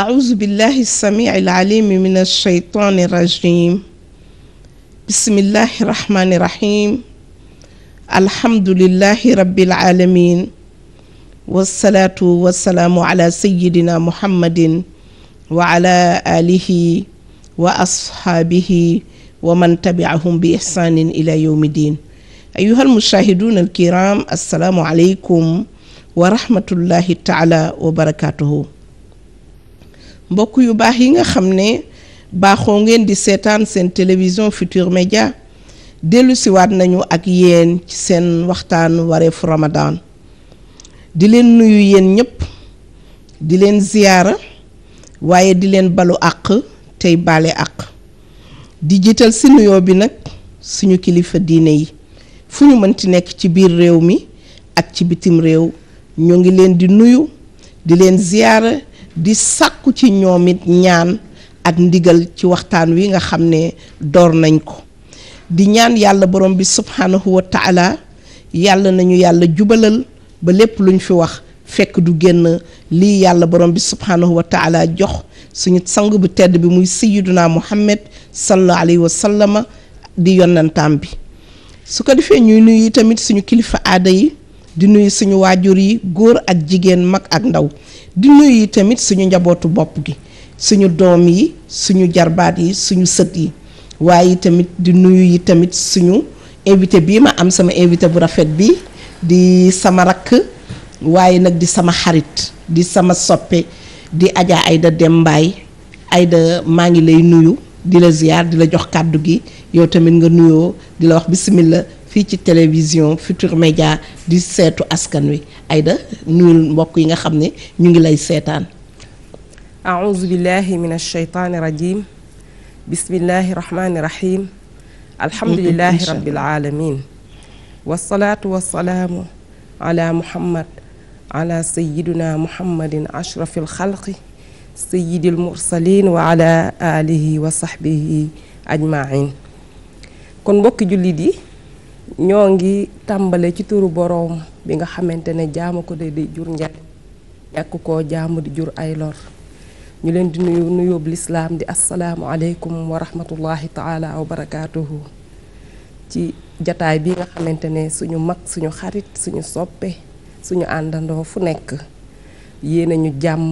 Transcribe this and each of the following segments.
أعوذ بالله السميع العليم من الشيطان الرجيم بسم الله الرحمن الرحيم الحمد لله رب العالمين والصلاة والسلام على سيدنا محمد وعلى آله وأصحابه ومن تبعهم بإحسان إلى يوم الدين أيها المشاهدون الكرام السلام عليكم ورحمة الله تعالى وبركاته mbokk yu baax yi nga xam ne baaxoo ngeen di seetaan seen télévision Futur Média dellu siwaat nañu ak yéen ci seen waxtaan wareefu Ramadan di leen nuyu yéen ñëpp di leen ziyaara waaye di leen balu àq tey baale àq di jiital si nuyoo bi nag suñu kilifa diine yi fu ñu mënti nekk ci biir réew mi ak ci bitim réew ñoo ngi leen di nuyu di leen ziyaara di sàkku ci ñoom it ñaan ak ndigal ci waxtaan wi nga xam ne door nañ ko di ñaan yàlla boroom bi subhaanahu wa taala yàlla nañu yàlla jubalal ba lépp luñ fi wax fekk du génn lii yàlla borom bi subhaanahu wa jox suñu sang bu tedd bi muy sayyiduna muhammad sallallahu alayhi wa di yonantaam bi su ko defee ñuy nuyu tamit suñu kilifa aada yi di nuyu suñu waajur yi góor ak jigéen mag ak ndaw di nuyu tamit suñu njabootu bopp gi suñu doom yi suñu jarbaat yi suñu sët yi waaye tamit di nuyu yi tamit suñu invité bii ma am sama invité bu rafet bi di sama rakk waaye nag di sama xarit di sama soppe di Adja ayda Deme Mbaye Aïda maa ngi lay nuyu di la ziar di la jox kàddu gi yow tamit nga nuyoo di la wax bismillah fii ci télévision Futur Média di seetu askan wi Aïda nuyul mbokk yi nga xam ni ñu ngi lay seetaan aouzu billahi min alsheytaani rajim bismillahi rahmani rahim alhamdulilahi mm-hmm. rabbil alamin wasalaatu wasalaamu ala muhammad ala sayiduna muhammadin ashrafil xalqi sayidil mursalin wa ala alihi wa sahbihi ajmain kon mbokki ñoo ngi tàmbale ci turu boroom bi nga xamante ne jaamu ko de di jur njariñ ñàkk ko jaamu di jur ay lor ñu leen di nuyu nuyóob lislaam di asalaamu aleykum wa rahmatullahi wa barakaatuhu ci jataay bi nga xamante ne suñu mag suñu xarit suñu soppe suñu àndandoo fu nekk yéene ñu jàmm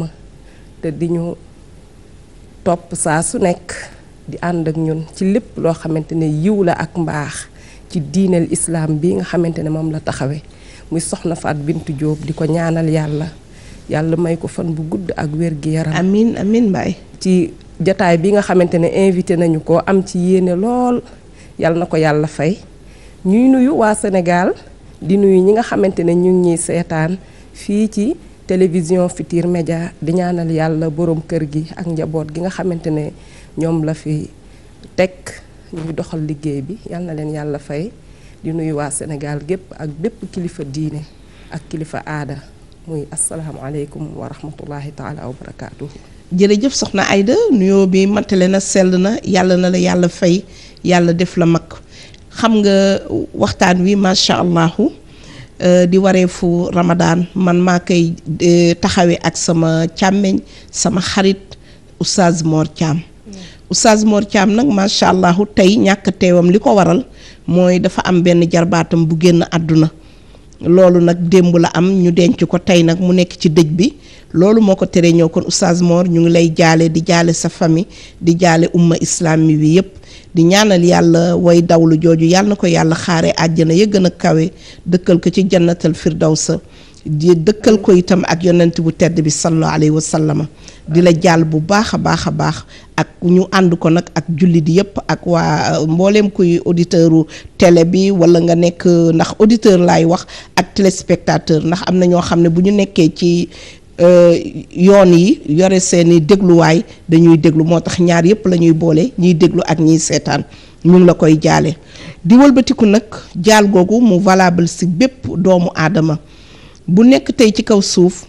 te di ñu topp saa su nekk di ànd ak ñun ci lépp loo xamante ne yiw la ak mbaax ci diineel islaam bi nga xamante ne moom la taxawee muy soxna Faat Bintu Jóob di ko ñaanal yàlla yàlla may ko fan bu gudd ak wér gi yaram amin amin mbaay ci jataay bi nga xamante ne invité nañu ko am ci yéene lool yàlla na ko yàlla fay ñuy nuyu waa Sénégal di nuyu ñi nga xamante ne ñu ngi ñuy seetaan fii ci télévision fitiir Média di ñaanal yàlla boroom kër gi ak njaboot gi nga xamante ne ñoom la fi teg ñuy doxal liggéey bi yal na leen yàlla fay di nuyu waa Sénégal gépp ak bépp kilifa diine ak kilifa aada muy asalaamaaleykum wa rahmatullahi taala wa barakaatu. jërëjëf soxna Aida nuyoo bi matale na sell na yàlla na la yàlla fay yàlla def la mag xam nga waxtaan wi macha allahu euh, di wareefu Ramadan man maa koy euh, taxawee ak sama càmmeñ sama xarit Oustaz Mor Thiam. Oustaz Mor Thiam nag macha allah tey ñàkk teewam li ko waral mooy dafa am benn jarbaatam bu génn àdduna loolu nag démb la am ñu denc ko tey nag mu nekk ci dëj bi loolu moo ko teree ñëw kon Oustaz Mor ñu ngi lay jaale di jaale sa famille di jaale umma islami wi yëpp di ñaanal yàlla way dawlu jooju yàlla na ko yàlla xaaree àjjana ya gën a kawe dëkkal ko ci jannatal firdawsa di dëkkal ko itam ak yonent bu tedd bi sallallahu alayhi wa sallama di la jàll bu baax a baax a baax ak ñu ànd ko nag ak jullit yëpp ak waa mbooleem kuy auditeuru télé bi wala nga nekk ndax auditeur laay wax ak téléspectateur ndax am na ñoo xam ne bu ñu nekkee ci euh, yoon yi yore seeni dégluwaay dañuy déglu moo tax ñaar yëpp la ñuy boole ñiy déglu ak ñiy seetaan ñu la koy jaale di wëlbatiku nag jaal googu mu valable si bépp doomu aadama bu nekk tey ci kaw suuf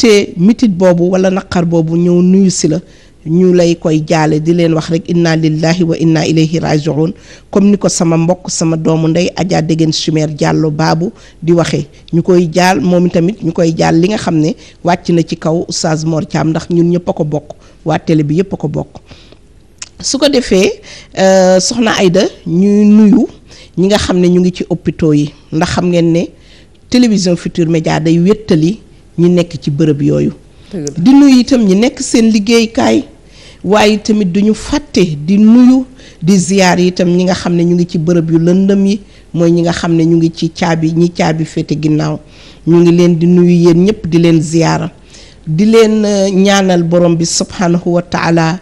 te mitit boobu wala naqar boobu ñëw nuyu si la ñu lay koy jaale di leen wax rek inna lillahi wa inna ilayhi rajiun comme ni ko sama mbokk sama doomu ndey Adja Degen Chimère Diallo baabu di waxee ñu koy jaal moom tamit ñu koy jaal li nga xam ne wàcc na ci kaw Oustaz Mor Thiam ndax ñun ñëpp a ko bokk waa télé bi yëpp a ko bokk su ko defee euh, soxna ayda ñuy nuyu ñi nga xam ne ñu ngi ci hôpitaux yi ndax xam ngeen ne télévision Futur Média day wéttali ñi nekk ci bërëb yooyu di nuyu itam ñi nekk seen liggéeykaay waaye tamit duñu fàtte di nuyu di ziyaar itam ñi nga xam ne ñu ngi ci bërëb yu lëndëm yi mooy ñi nga xam ne ñu ngi ci caabi ñi caabi féete ginnaaw ñu ngi leen di nuyu yéen ñëpp di leen ziyaara di leen euh, ñaanal borom bi subhanahu wa taala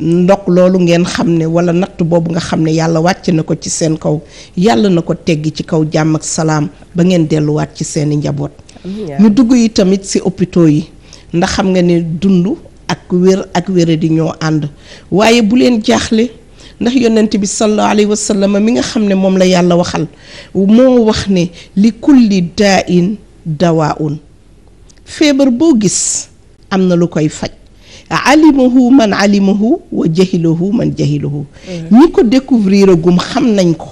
ndox loolu ngeen xam ne wala natt boobu nga xam ne yàlla wàcc na ko ci seen kaw yàlla na ko teggi ci kaw jàmm ak salaam ba ngeen delluwaat ci seeni njaboot ñu dugg yi tamit si hôpitaux yi ndax xam nga ne dund ak wér ak wére di ñoo ànd waaye bu leen jaaxle ndax yonent bi sallallahu alayhi wa mi nga xam ne moom la yàlla waxal moo wax ne li kulli daa in dawaa un feebar boo gis am na lu koy faj alimahu man alimahu wa jahilahu man jahilahu ñi ko découvrir agum xam nañ ko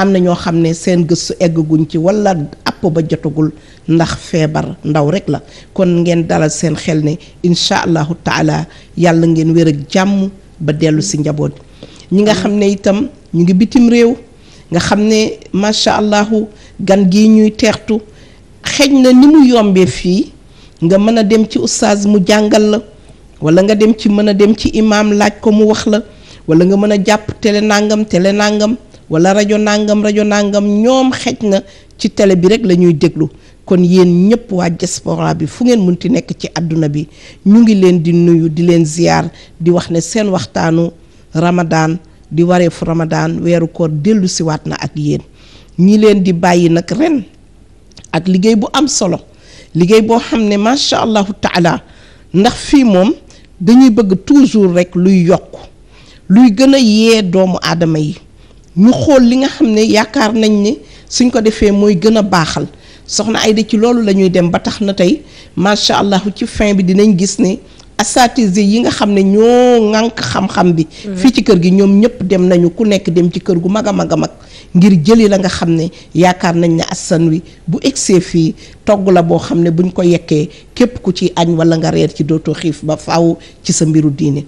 am na ñoo xam ne seen gëstu eggaguñ ci wala app ba jotagul ndax feebar ndaw rek la kon ngeen dalal seen xel ne incha allahu taala yàlla ngeen wér ak jàmm ba dellu si njaboot ñi nga xam ne itam ñu ngi bitim réew nga xam ne macha allahu gan gi ñuy teertu xëj na ni mu yombee fii nga mën a dem ci oustaz mu jàngal la wala nga dem ci mën a dem ci imaam laaj ko mu wax la wala nga mën a jàpp télé nangam télé nangam wala rajo nangam rajo nangam ñoom xej na ci télé bi rek lañuy déglu kon yéen ñëpp waa diaspora bi fu ngeen munti nekk ci àdduna bi ñu ngi leen di nuyu di leen ziyaar di wax ne seen waxtaanu ramadaan di wareefu ramadaan weeru koor dellu siwaat na ak yéen ñi leen di bàyyi nag ren ak liggéey bu am solo liggéey boo xam ne macha allahu taala ndax fii moom dañuy bëgg jours rek luy yokk luy gën a yee doomu aadama yi ñu xool li nga xam ne yaakaar nañ ne suñ ko defee mooy gën a baaxal soxna ay Aida ci loolu la ñuy dem ba tax na tey macha allah ci fin bi dinañ gis ne asatise yi nga xam ne ñoo ŋànk xam-xam bi. Mm. fii ci kër gi ñoom ñëpp dem nañu ku nekk dem ci kër gu mag a mag a mag. ngir jëli la nga xam ne yaakaar nañ ne assan wi bu egsee fii togg la boo xam ne buñ ko yekkee képp ku ci añ wala nga reer ci dootoo xiif ba faaw ci sa mbiru diine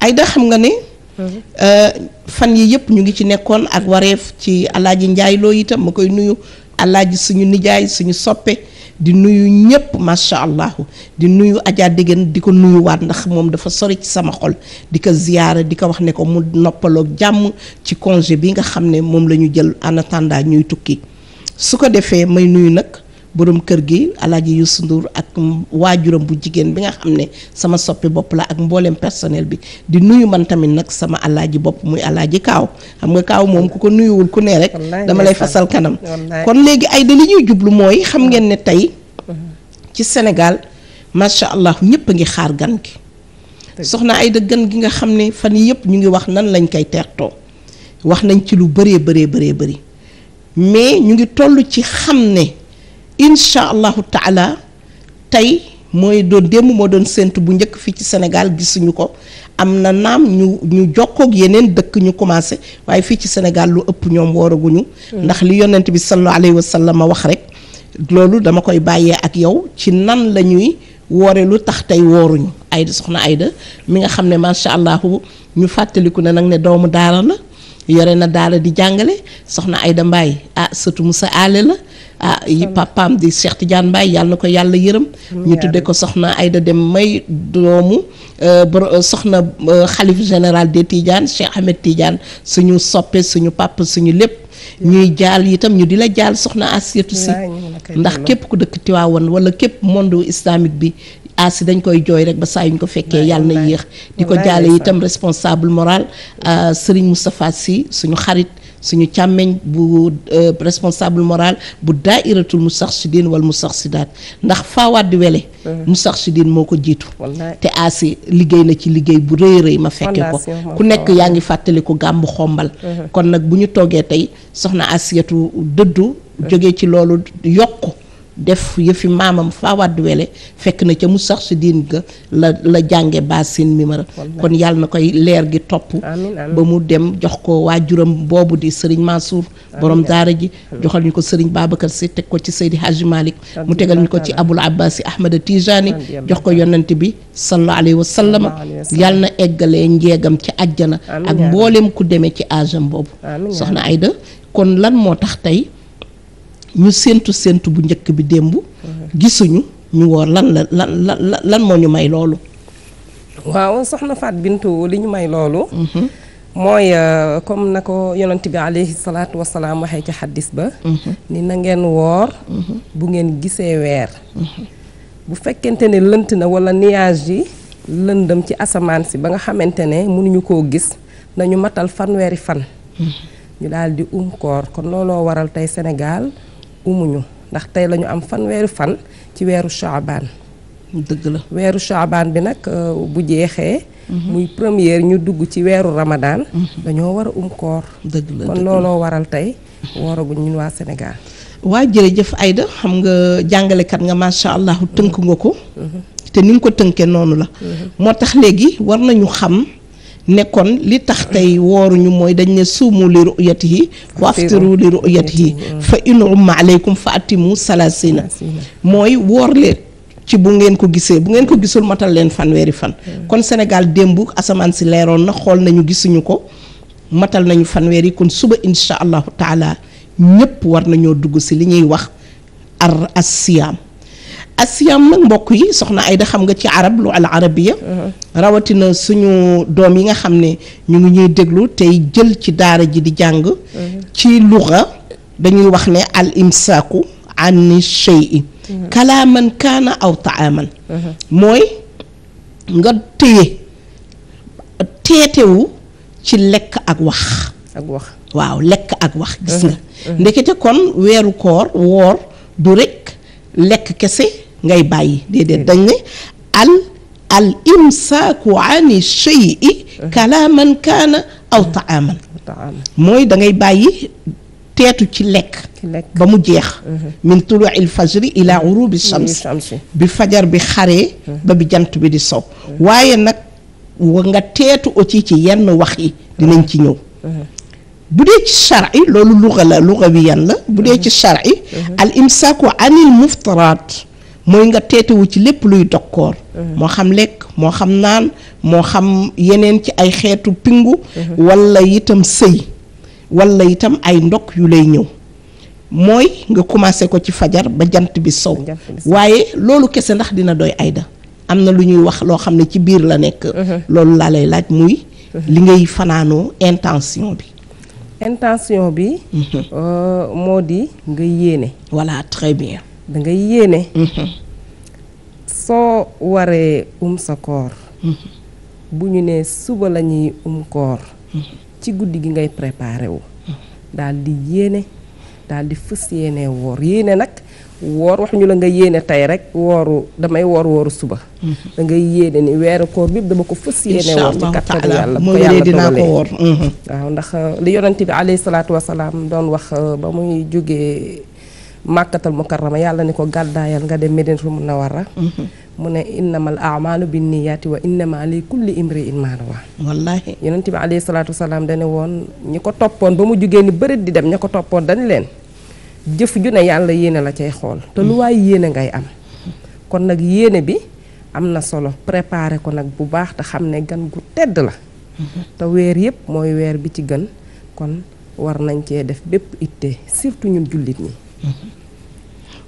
ay da xam nga ne mhm. euh, fan yi yëpp ñu ngi ci nekkoon ak wareef ci alaaji njaay loo itam ma koy nuyu alaaji suñu nijaay suñu soppee di nuyu ñëpp macha allah di nuyu Adja Degen di ko nuyuwaat ndax moom dafa sore ci sama xol di ko ziyaara di ko wax ne ko mu noppaloo jàmm ci congé bi nga xam ne moom la ñu jël en attendant ñuy tukki su ko defee may nuyu nag. borom kër gi alaaji Youssou Ndour ak waajuram bu jigéen bi nga xam ne sama soppi bopp la ak mbooleem personnel bi di nuyu man tamit nag sama ji bopp muy alaaji kaaw xam nga kaaw moom ku ko nuyuwul ku ne rek dama lay fasal kanam kon léegi ay da li ñuy jublu mooy xam ngeen ne tey mm-hmm. ci Sénégal macha allah ñëpp a ngi xaar gan gi soxna Aida gan gi nga xam ne fan yëpp ñu ngi wax nan lañ koy teertoo wax nañ ci lu bëree bëree bëree bëri mais ñu ngi toll ci xam ne incha allahu taala tey mooy doon démb moo doon séntu bu njëkk fii ci Sénégal gisuñu ko am na naam ñu ñu jokkoog yeneen dëkk ñu commencé waaye fii ci Sénégal lu ëpp ñoom wooraguñu hmm. ndax li yonent bi sallallahu alayhi wa sallam wax rek loolu dama koy bàyyee ak yow ci nan la ñuy woore lu tax tey wooruñu Aïda soxna Aïda mi nga xam ne macha allah ñu fàttaliku ne nag ne doomu daara la yore na daara di jàngale soxna Aïda Mbaye ah sëtu Moussa Allé la ah yi papaam di Cheikh Tidiane Mbaye yàlla ko yàlla yërëm ñu tuddee ko soxna Aïda Dem May doomu euh, euh, soxna xalif euh, général des Tidiane Cheikh Ahmed Tidiane suñu soppee suñu papa suñu lépp ñuy jaal itam ñu di la jaal soxna Asiyatu si ndax képp ku dëkk Tiwaawan wala képp monde islamique bi asi dañ koy jooy rek ba saa yu ñu ko fekkee yàlla na yéex di ko jaale itam responsable moral Serigne Moustapha si suñu xarit suñu càmmeñ bu euh, responsable moral bu daa iratul mu daairatul Moustarchidine wala mu sax Moustarchidaat ndax Fawade Wele mmh. Moustarchidine moo ko jiitu te aasi liggéey na ci liggéey bu rëy rëy ma fekke ko ku nekk yaa ngi fàttali ko gàmbu xombal mmh. kon nag bu ñu toogee tey soxna Asiyatu dëddu mmh. jóge ci loolu yokk def yëfi maamam faa wàdd wele fekk na ca mu sax si diin ga la la jànge ba sin mimara kon yàlla na koy leer gi topp ba mu dem jox ko waajuram boobu di sëriñ Mansour borom daara ji joxal ñu ko sëriñ Babacar si teg ko ci Seydi Hadji Malick mu tegal ñu ko ci Abul Abbas Ahmada Tijani jox ko yonent bi sallallahu alayhi wa sallam yàlla na eggalee njeegam ci àjjana ak mbooleem ku demee ci aajam boobu soxna Aida kon lan moo tax tey ñu séentu séentu bu njëkk bi démb. gisuñu ñu woor lan lan lan moo ñu may loolu. waaw soxna Faat Bintu li ñu may loolu. Mhm. mooy euh, comme na ko yonent bi alayhi salaatu wa salaam ci xaddis ba. Mhm. ni na ngeen woor. Mhm. bu ngeen gisee weer. bu fekkente ne lënt na wala nuage yi lëndëm ci asamaan si ba nga xamante ne mënuñu koo gis nañu matal fanweeri fan. ñu daldi di um koor kon looloo waral tey Sénégal. ñu ndax tey la am fan fanweeri fan ci weeru Chaabaan. dëgg la weeru Chaabaan bi nag euh, bu jeexee. Mhm. muy première ñu dugg ci weeru Ramadan. Mhm. dañoo war a um koor. dëgg la kon looloo waral tey wooraguñ ñun waa Sénégal. waa jëf Aïda xam nga jàngalekat nga macha allah tënk nga ko. Mhm. te ni nga ko tënkee noonu la. moo tax léegi war nañu xam. nekkoon li tax tey wooruñu mooy dañ ne suumu li ru'yatihi wa aftiru li ru'yatihi fa in umma aleykum fa atimu salasina mooy woor leen ci bu ngeen ko gisee bu ngeen ko gisul matal leen fanweeri fan hmm. kon Sénégal démb asamaan si leeroon na xool nañu gisuñu ko matal nañu fanweeri kon suba insha allahu taala ñëpp war nañoo dugg si li ñuy wax ar as asiyaam nag mbokk yi soxna ay Ayda xam nga ci arab lu al arabiya uh-huh. rawatina suñu doom yi nga xam ne ñu ngi ñuy déglu tey jël ci daara ji di jàng uh-huh. ci luga dañuy wax ne al imsaaku an shay'i uh-huh. kalaaman kaana aw taaman mooy nga téye teetewu ci lekk ak wax ak wax waaw lekk ak wax gis nga ndekete kon weeru koor woor du rekk lekk kese ngay bàyyi déedéet dañ ne al al imsaaku ani shay'i kalaaman kaana aw taaman mooy da ngay bàyyi teetu ci lekk ba mu jeex mhm. min tuluil fajri ila gurubi mhm. shams bi fajar bi xaree mhm. ba bi jant bi di sow waaye nag wa nga teetu aussi ci yenn wax yi dinañ ci ñëw bu dee ci shar'i loolu luga la lugawiyan la bu dee ci shar'i al imsaaku anil muftaraat mooy nga teetewu ci lépp luy dog mhm. moo xam lekk moo xam naan moo xam yeneen ci ay xeetu pingu mhm. walla itam sëy walla itam ay ndog yu lay ñëw mooy nga commencé ko ci fajar ba jant bi sow waaye loolu kese ndax dina doy ayda am na lu ñuy wax loo xam ne ci biir la nekk mhm. loolu laa lay laaj muy li ngay fanaanoo intention bi intention bi euh, moo di nga yéene voilà très bien da ngay yéene. Mm-hmm. soo waree um sa koor. Mm-hmm. bu ñu nee suba la ñuy um koor. Mm-hmm. ci guddi gi ngay préparé wu. daal di yéene daal di fës yéene woor yéene nag woor wax la nga yéene tey rek wooru damay woor wooru suba. dangay ngay yéene ni weeru koor bi dama ko fës yéene woor ci kattan yàlla ko yàlla dinaa ko woor. waaw ndax li yonent bi alayhi salaatu wasalaam doon wax ba muy jógee. màkkatal mukarrama yàlla ni ko gàddaayal nga dem mun na war a mu ne innamal amalu binniyaati wa innama li kulli imri in maa nawaa wallaahi bi alayhi salaatu salaam dane woon ñi ko toppoon ba mu jugee ni bërit di dem ña ko toppoon dañ leen jëf ju ne yàlla yéene la cay xool te lu mhm. waay yéene ngay am kon nag yéene bi am na solo préparé ko nag bu baax te xam ne gan gu tedd la mhm. te weer yëpp mooy weer bi ci gën kon war nañ cee def bépp itte surtout ñun jullit ñi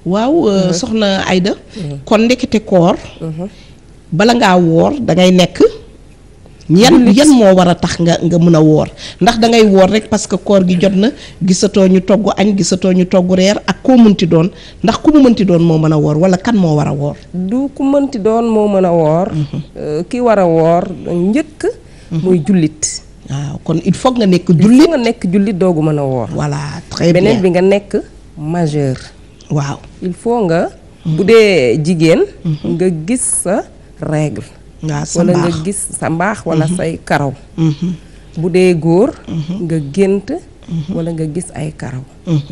waaw euh, mhm. soxna Aida. Mhm. kon ndekete koor. Mhm. bala ngaa woor da ngay nekk. yan yan moo war a tax nga nga mën a woor ndax da ngay woor rek parce que koor gi jot na gisatoo ñu togg añ gisatoo ñu togg reer ak koo mënti doon ndax ku mu mënti doon moo mën a woor wala kan moo war a woor. du ku mënti doon moo mën a woor. Euh, ki war a woor njëkk. muy jullit. waaw kon il foog nga nekk jullit il nekk jullit doogu mën a woor. voilà très bi nga nekk. majeur waaw il faut nga bu dee jigéen mhm. nga gis sa règle wala nga gis sa mbaax wala mhm. say karaw mhm. bu dee góor nga gént wala nga gis ay karaw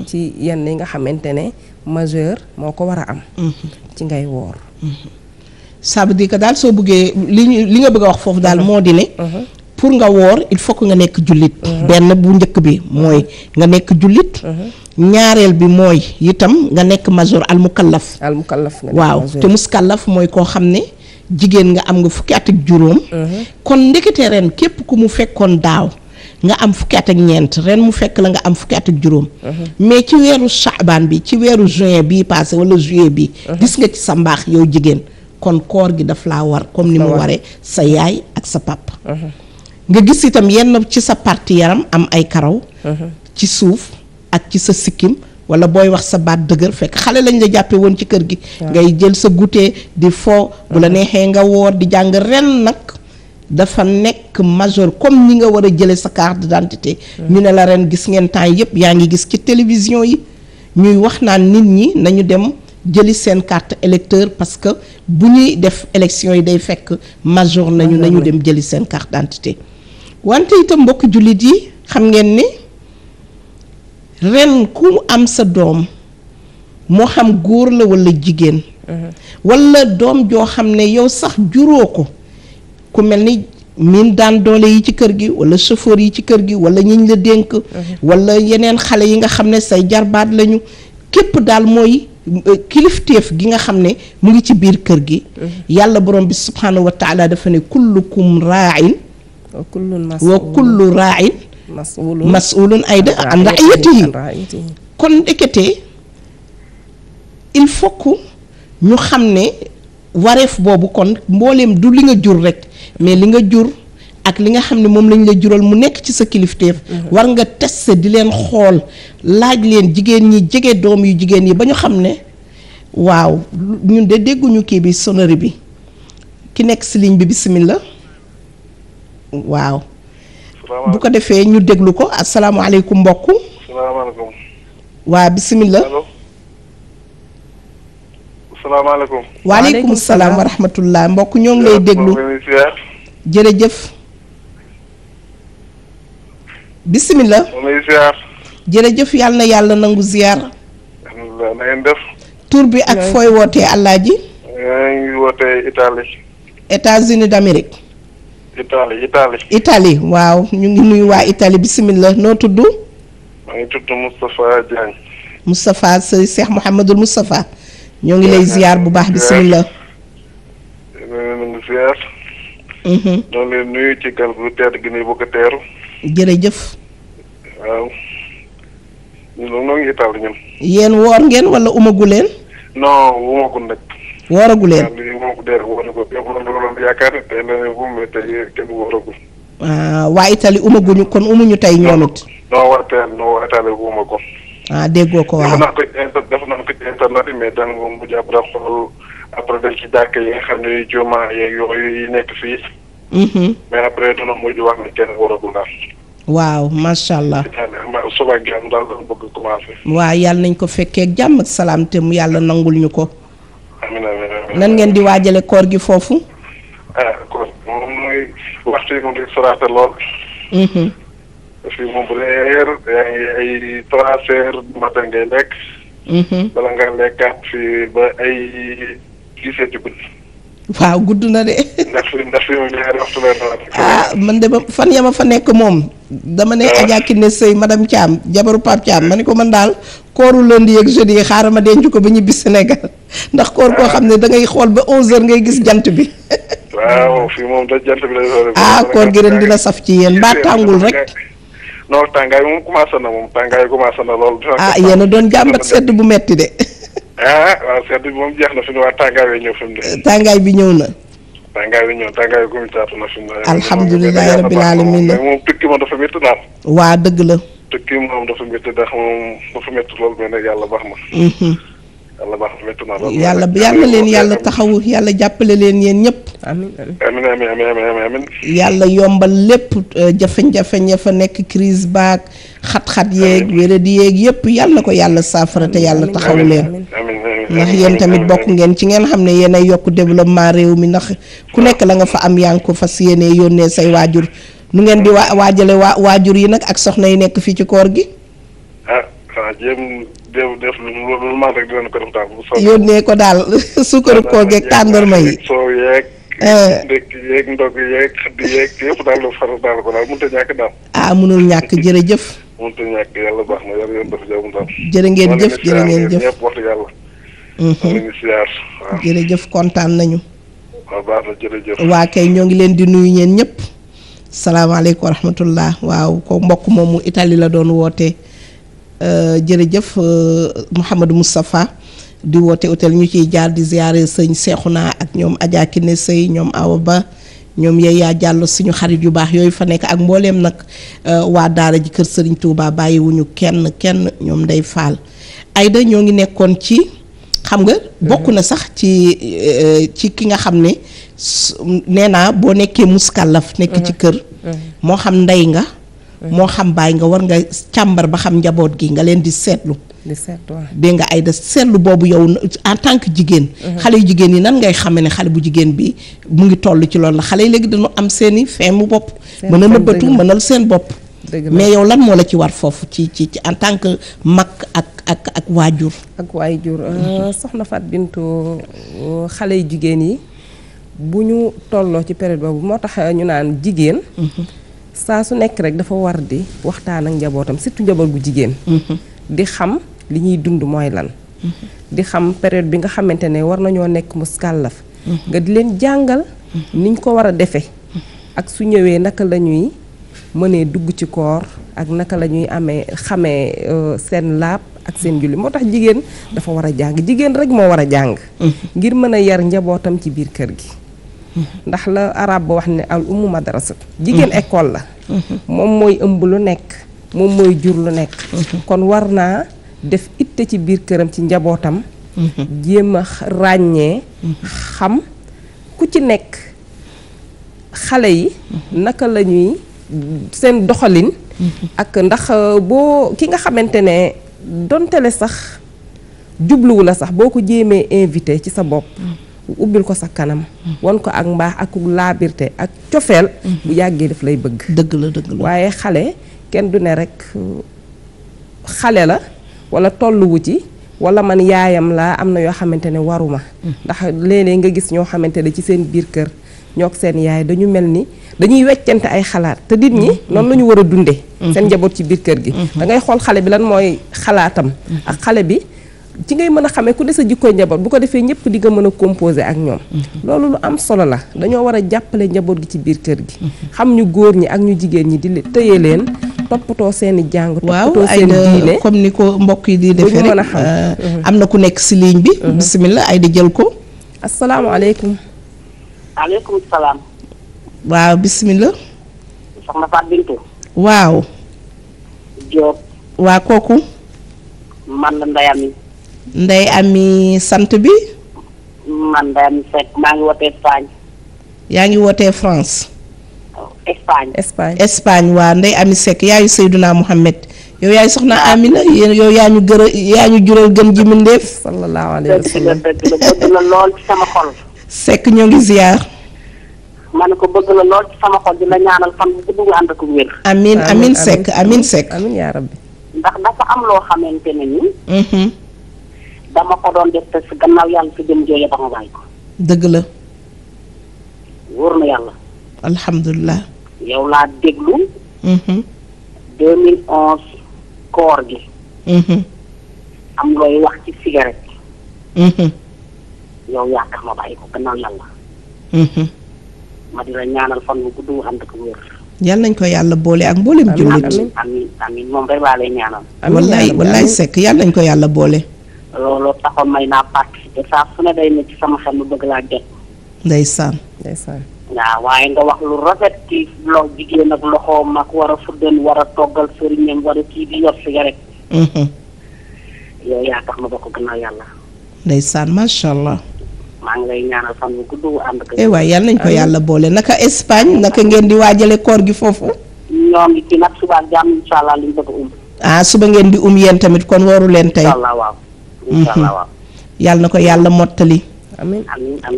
ci yenn yi nga xamante ne majeur moo ko war a am ci ngay woor ça veut dire daal soo bëggee li ñu li nga bëgg a wax foofu daal moo di ne pour nga woor il faut nga nekk jullit mhm. benn bu njëkk bi mooy mhm. nga nekk jullit mhm. ñaareel bi mooy itam nga nekk major al mukallaf al mukallaf waaw te muskallaf mooy koo xam ne jigéen nga am nga fukki at ak juróom kon ndekete ren képp ku mu fekkoon daaw nga am fukki ñeent ren mu fekk la nga am fukki at juróom mais ci weeru saabaan bi ci weeru juin bii passé wala juillet bi gis nga ci sa mbaax yow jigéen kon koor gi daf laa war comme ni mu waree sa yaay ak sa papa nga gis itam yenn ci sa partie yaram am ay karaw. Uh-huh. ci suuf ak ci sa sikkim wala booy wax sa baat dëgër fekk xale lañ la jàppee woon ci kër gi. ngay jël sa goûter di fo. bu la uh-huh. neexee nga woor di jàng ren nag. dafa nekk majeur comme ni nga war a jëlee sa card d'identité. Uh-huh. ñu ne la ren gis ngeen temps yëpp yaa ngi gis ci télévision yi ñuy wax naa nit ñi nañu dem jëli seen carte électeur parce que bu ñuy def élection yi day fekk majeur nañu nañu dem jëli seen carte d'identité. wante itam mbokk jullit yi xam ngeen ni ren ku am sa doom moo xam góor la walla jigéen uh-huh. walla doom joo xam ne yow sax juróo ku mel ni miin daan doole yi ci kër gi walla sofoor yi ci kër gi walla ñiñ la dénk uh-huh. walla yeneen xale yi nga xam ne say jarbaat lañu képp daal mooy euh, kilifteef gi nga xam ne mu ngi ci biir kër gi uh-huh. yàlla borom bi subhaanahu wa dafa ne kullukum raain wa kullu raain masulun ayda an raiyatihi kon ndekete il faut que ñu xam ne wareef boobu kon mbooleem du li nga jur rek mais li nga jur ak li nga xam ne moom lañ la jural mu nekk ci sa kilifteef mm-hmm. war nga teste di leen xool laaj leen jigéen ñi jege doom yu jigéen yi ba ñu xam ne waaw ñun de dégguñu kii bi sonnerie bi ki nekk si ligne bi bismillah waaw. bu ko defee ñu déglu ko asalaamaaleykum mbokk. waa bisimilah. allo. asalaamaaleykum. salaam wa mbokk ñoo ngi lay déglu. jërëjëf. bisimilah. jërëjëf yàlla na yàlla nangu ziar. alhamdulilah bi ak fooy wootee Alaaji. yaa ngi wootee Italie. États-Unis Italie Italie. Italie waaw ñu ngi nuyu waa itali bisimilah noo tudd. maa ngi tudd Moustapha Diagne. Moustapha sëriñ ñoo ngi lay ziar bu baax bisimilah. ziar. Mhm. ñoo ngi leen ci gal bu tedd gi nii bu woor ngeen wala umagu leen. non umagu nag. wooragu leen. bu dee woo na ko ah, waa Italie umaguñu kon umuñu tey ñoom it. non ko. ah déggoo ko waaw def nañ ko ci da xool nekk fii. Mhm. mais après dana mujj wax ne kenn wóoragul daal. waaw macha allah. suba ak daal bëgg commencé. waaw yàlla nañ ko fekkee jàmm ak salaam te mu yàlla nangul ñu ko. amiin amiin nan ngeen di waajale koor gi foofu. ah moom mooy waxtu yi moom di soraate lool. parce mhm. que moom bu reer ay trois heures ngay lekk. Mhm. bala nga lekkaat ba ay dix ci guddi. waaw gudd na de. ndax ndax ah man de ba fan yama fa nekk moom. dama ne ah. Adja Kine Seye madame Thiam jabaru Pape Thiam ma ne ko man daal kooru lundi yeeg jeudi yi xaaral ma denc ko ba ñibbi Sénégal ndax koor koo xam ne da ngay xool ba 11h ngay gis jant bi. waaw fii moom da jant bi lay ah koor gi ren dina saf ci yéen mbaa tàngul rek. non tàngaay moom na moom tàngaay commencé na lool. ah yéen doon jàmbat sedd bu metti de. ah waaw bi moom jeex na fi mu waa tàngaay bi ñëw fi mu eh, bi ñëw na. tàngaay bi ñëw tàngaay bi gumitaatu na fi mu ne. alhamdulilah rabbil alamin moom tukki ma waa dëgg la. te kii moom dafa yàlla baax mhm. leen yàlla taxawu yàlla jàppale leen yéen ñëpp. yàlla yombal lépp jafeñ euh, jafe ña fa nekk crise baak xat-xat yeeg wéradi yeeg yëpp yàlla ko yàlla saafara te yàlla taxawu leen. ndax yéen tamit bokk ngeen ci ngeen xam ne yéen a yokk développement réew mi ndax ku nekk la nga fa am yaa ko fas yéenee yónnee say waajur. nu ngeen di waa waajale waa waajur yi nag ak soxna yi nekk fii ci koor gi. ah xanaa ko daal bu soobee. yónnee ko tàndarma yi. soo yeeg. Eh. ndekki yeeg ndog yeeg xëdd yeeg yëpp daal ah mënul ñàkk jërëjëf. mënut a ngeen jëf jërë ngeen jëf ñëpp wax mhm. kontaan nañu. waa kay ñoo ngi leen di nuyu ñeen ñëpp salaamaaleykum wa rahmatullah waaw ko mbokk moomu itali la doon woote euh, jërëjëf euh, Mouhamadou Moustapha di woote hôtel ñu ciy jaar di ziare sëñ Seexuna ak ñoom Adja sëy ñoom Awa Ba ñoom yey yaa jàll suñu xarit yu baax yooyu fa nekk ak mbooleem nag euh, waa daara ji kër Serigne Touba bàyyiwuñu kenn kenn ñoom day faal ayda ñoo ngi nekkoon ci. xam nga bokk na sax ci euh, ci ki nga xam ne nee naa boo nekkee muskàllaf nekk ci kër moo xam ndey nga moo xam baay nga war nga càmbar ba xam njaboot gi nga leen di seetlu dégg nga ay da seetlu boobu yow en tant que jigéen xale yu jigéen yi nan ngay xame ne xale bu jigéen bi mu ngi toll ci lool la xale yi léegi dañu am seen i feemu bopp mën a nëbbatu mënal seen bopp mais yow lan moo la ci war foofu ci ci ci en tant que mag ak ak ak waajur. ak waajur euh, soxna Fat Bintu euh, xale yu jigéen yi bu ñu tolloo ci période boobu moo tax ñu naan jigéen. Mhm. saa su nekk rek dafa war di waxtaan ak njabootam surtout njaboot gu jigéen. Mhm. di xam li ñuy dund mooy lan. Mhm. di xam période bi nga xamante ne war nañoo nekk mu nga di leen jàngal. niñ ko war a defee. ak su ñëwee naka lañuy ñuy mënee dugg ci koor ak naka la ñuy amee xamee euh, seen laab ak moo tax jigéen dafa war a jàng jigéen rek moo war a jàng mm-hmm. ngir mën a yar njabootam ci biir kër gi mm-hmm. ndax la arab ba wax ne al ummu madrasa mm-hmm. jigéen école la moom mooy ëmb lu nekk moom mooy jur lu nekk kon war naa def itte ci biir këram ci njabootam jéem ràññee xam ku ci nekk xale yi naka la ñuy seen doxalin ak ndax euh, boo ki nga xamante ne dontele sax jubluwu la sax boo ko jéemee invité ci sa bopp mm. ubbil ko sa kanam mm. wan ko ak mbaax ak laabirté ak cofeel mm. bu yàggee daf lay bëgg dëgg la dëgg la waaye xale kenn du ne rek xale la wala tolluwu ci wala man yaayam laa am na yoo xamante ne waruma ndax léeg nga gis ñoo xamante ne ci seen biir kër ñook seen yaay dañu mel ni dañuy weccante ay xalaat te nit ñi mm-hmm. noonu la ñu war a dundee mm-hmm. seen njaboot ci biir kër gi mm-hmm. da ngay xool xale bi lan mooy xalaatam ak xale bi ci ngay mën a xamee ku des a jikkooy njaboot bu ko defee ñëpp di nga mën a composer ak ñoom loolu lu am solo la dañoo war a jàppale njaboot gi ci biir kër gi xam ñu góor ñi ak ñu jigéen ñi di tëye leen toppatoo seen i jàng toppatoo seen diine comme mbokk yi di defee rek euh, am na ku nekk si ligne bi simila ay di jël ko asalaamaaleykum maaleykum salaam. waaw bisimilah. soxna Fatou waaw. waa kooku. man la Ndeye Amy. sant bi. man Ndeye Amy Seck maa ngi wootee Espagne. yaa ngi wootee France. Oh, Espagne Espagne. Espagne waa Ndeye Amy Seck yaayu Seyduna Muhammad yow yaay soxna ah. Amina yow yaa ñu gërë yaa ñu jural gën ji mindeef. sallallahu alayhi wa sallam lool ci sama xol. Seck ñoo ngi ziar. ma ne ko bëgg la lool sama xol di la ñaanal fan bu gudd ànd ak wér. amiin amiin Seck amiin Seck amiin yaa rabbi. ndax dafa am loo xamante ne nii. Mm-hmm. dama ko doon def te si gannaaw yàlla si jëm jooyee ba ma bàyyi ko. dëgg la. wóor na yàlla. alhamdulilah. yow laa déglu. Mm-hmm. koor gi. Mm-hmm. am looy wax ci cigarette. yow yaa tax ma bàyyi ko gannaaw yàlla. Mhm. ma di la ñaanal fan bu gudd mu ànd ak wér. yal nañ ko yàlla boole ak mboolem jullit. amiin amiin moom rek laa lay ñaanal. wallaay wallaay sekk yal nañ ko yàlla boole. looloo taxoon may naa participer saa su ne day ne ci sama xel lu bëgg laa jot. ndeysaan ndeysaan. waaw waaye nga wax lu rafet ci lo jigéen ak loxoom ak war a fuddan war a toggal sëriñam war a kii di yor sigaret. Mhm. yow yaa tax ma bokk gannaaw yàlla. ndeysaan macha allah. maa ngi lay ñaanal fan bu gudd bu ànd eh nañ ko yàlla boole naka Espagne naka ngeen di waajale koor gi foofu. ñoo ngi um. ah suba ngeen di um yéen tamit kon waru leen tey. incha allah waaw yàlla mhm. na ko yàlla mottali. amiin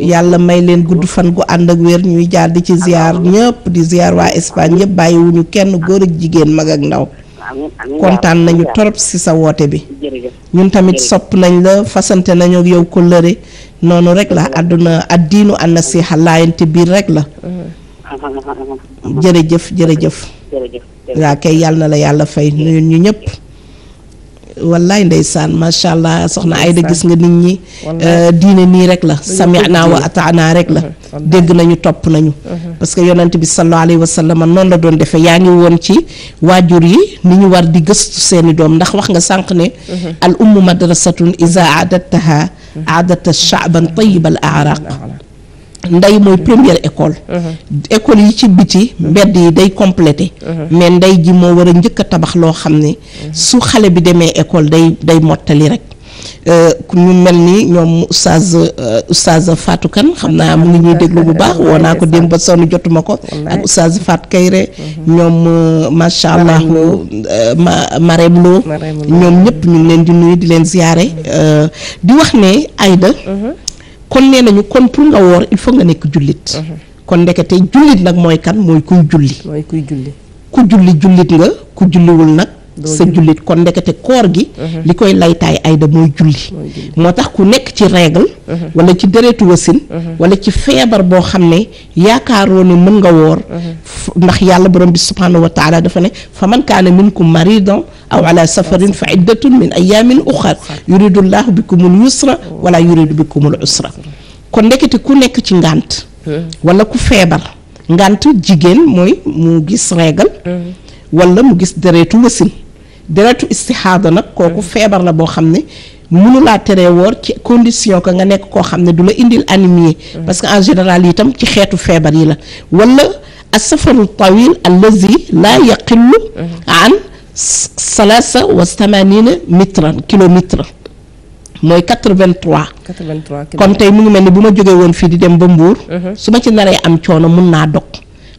yàlla may leen gudd fan gu ànd ak wér ñuy jaar di ci ziar ñëpp di ziar waa Espagne ñëpp bàyyiwuñu kenn góor ak jigéen mag ak ndaw. kontaan nañu torop ci sa woote bi ñun tamit sopp nañ la fasante nañu ak yow kóllëre noonu rek la àdduna addiinu an nasiha laayante biir rek la jërëjëf jërëjëf waa kay yàlla na la yàlla fay nuyu ñu ñëpp wallaay ndeysaan macha allah soxna Ayda gis nga nit ñi euh, diine nii rek la sami'na wa ata'na rek la dégg nañu topp nañu uh-huh. parce que yonent bi sallallahu alayhi wa sallam noonu la doon defee yaa ngi woon ci waajur yi ni ñu war di gëstu seeni doom ndax wax nga sànq ne uh-huh. al ummu madrasatun iza aadattaha aadatta sha'ban tayyibal nday mooy première école. Mhm. école yi ci biti mhm. mbedd yi day complété. Mhm. mais nday ji moo war a njëkk a tabax loo xam ni su xale bi demee école day day mottali rek. Euh, ñu mel ni ñoom oustaz euh, oustaz Fatou kan xam naa mu ngi ñuy déglu bu baax woo naa ko démb ba sonn jotuma ko ak oustaz Fatou Kayre ñoom euh, macha allah ma ñoom ñëpp ñu ngi leen di nuyu di leen ziyaare di wax ne Aïda kon nee nañu kon pour nga woor il faut nga nekk jullit. Mhm. kon ndekete jullit nag mooy kan mooy kuy julli. mooy kuy julli. ku julli jullit nga ku julliwul nag. sa jullit kon ndekete koor gi mhm. li koy laytaay ay mooy julli moo tax ku nekk ci règle mhm. wala ci deretu wasin mhm. wala ci feebar boo xam ne yaakaaroo ne mën nga woor ndax yàlla borom bi subhaanahu wa taala dafa ne fa man kaana minkum maridan aw ala safarin fa iddatun min ayamin uxar yuridu llahu bikumul yusra wala yuridu bikumul usra kon ndekete ku nekk ci ngant wala ku feebar ngant jigéen mooy mu gis règle wala mu gis deretu wasin deretu istixaada nag kooku mm. feebar la boo xam ne mënulaa teree wor ci condition que nga nekk koo xam ne du la indil anémie mm. parce que en général tam ci xeetu feebar yi la wala asafaru tawil allazi laa yaqillu mm-hmm. an salasa wa thamanina mitran kilomètre mooy 83. 83 comme tey mu ngi mel ni bu ma jógee woon fii di dem ba Mbour. Mm-hmm. su ma ci naree am coono mun naa dog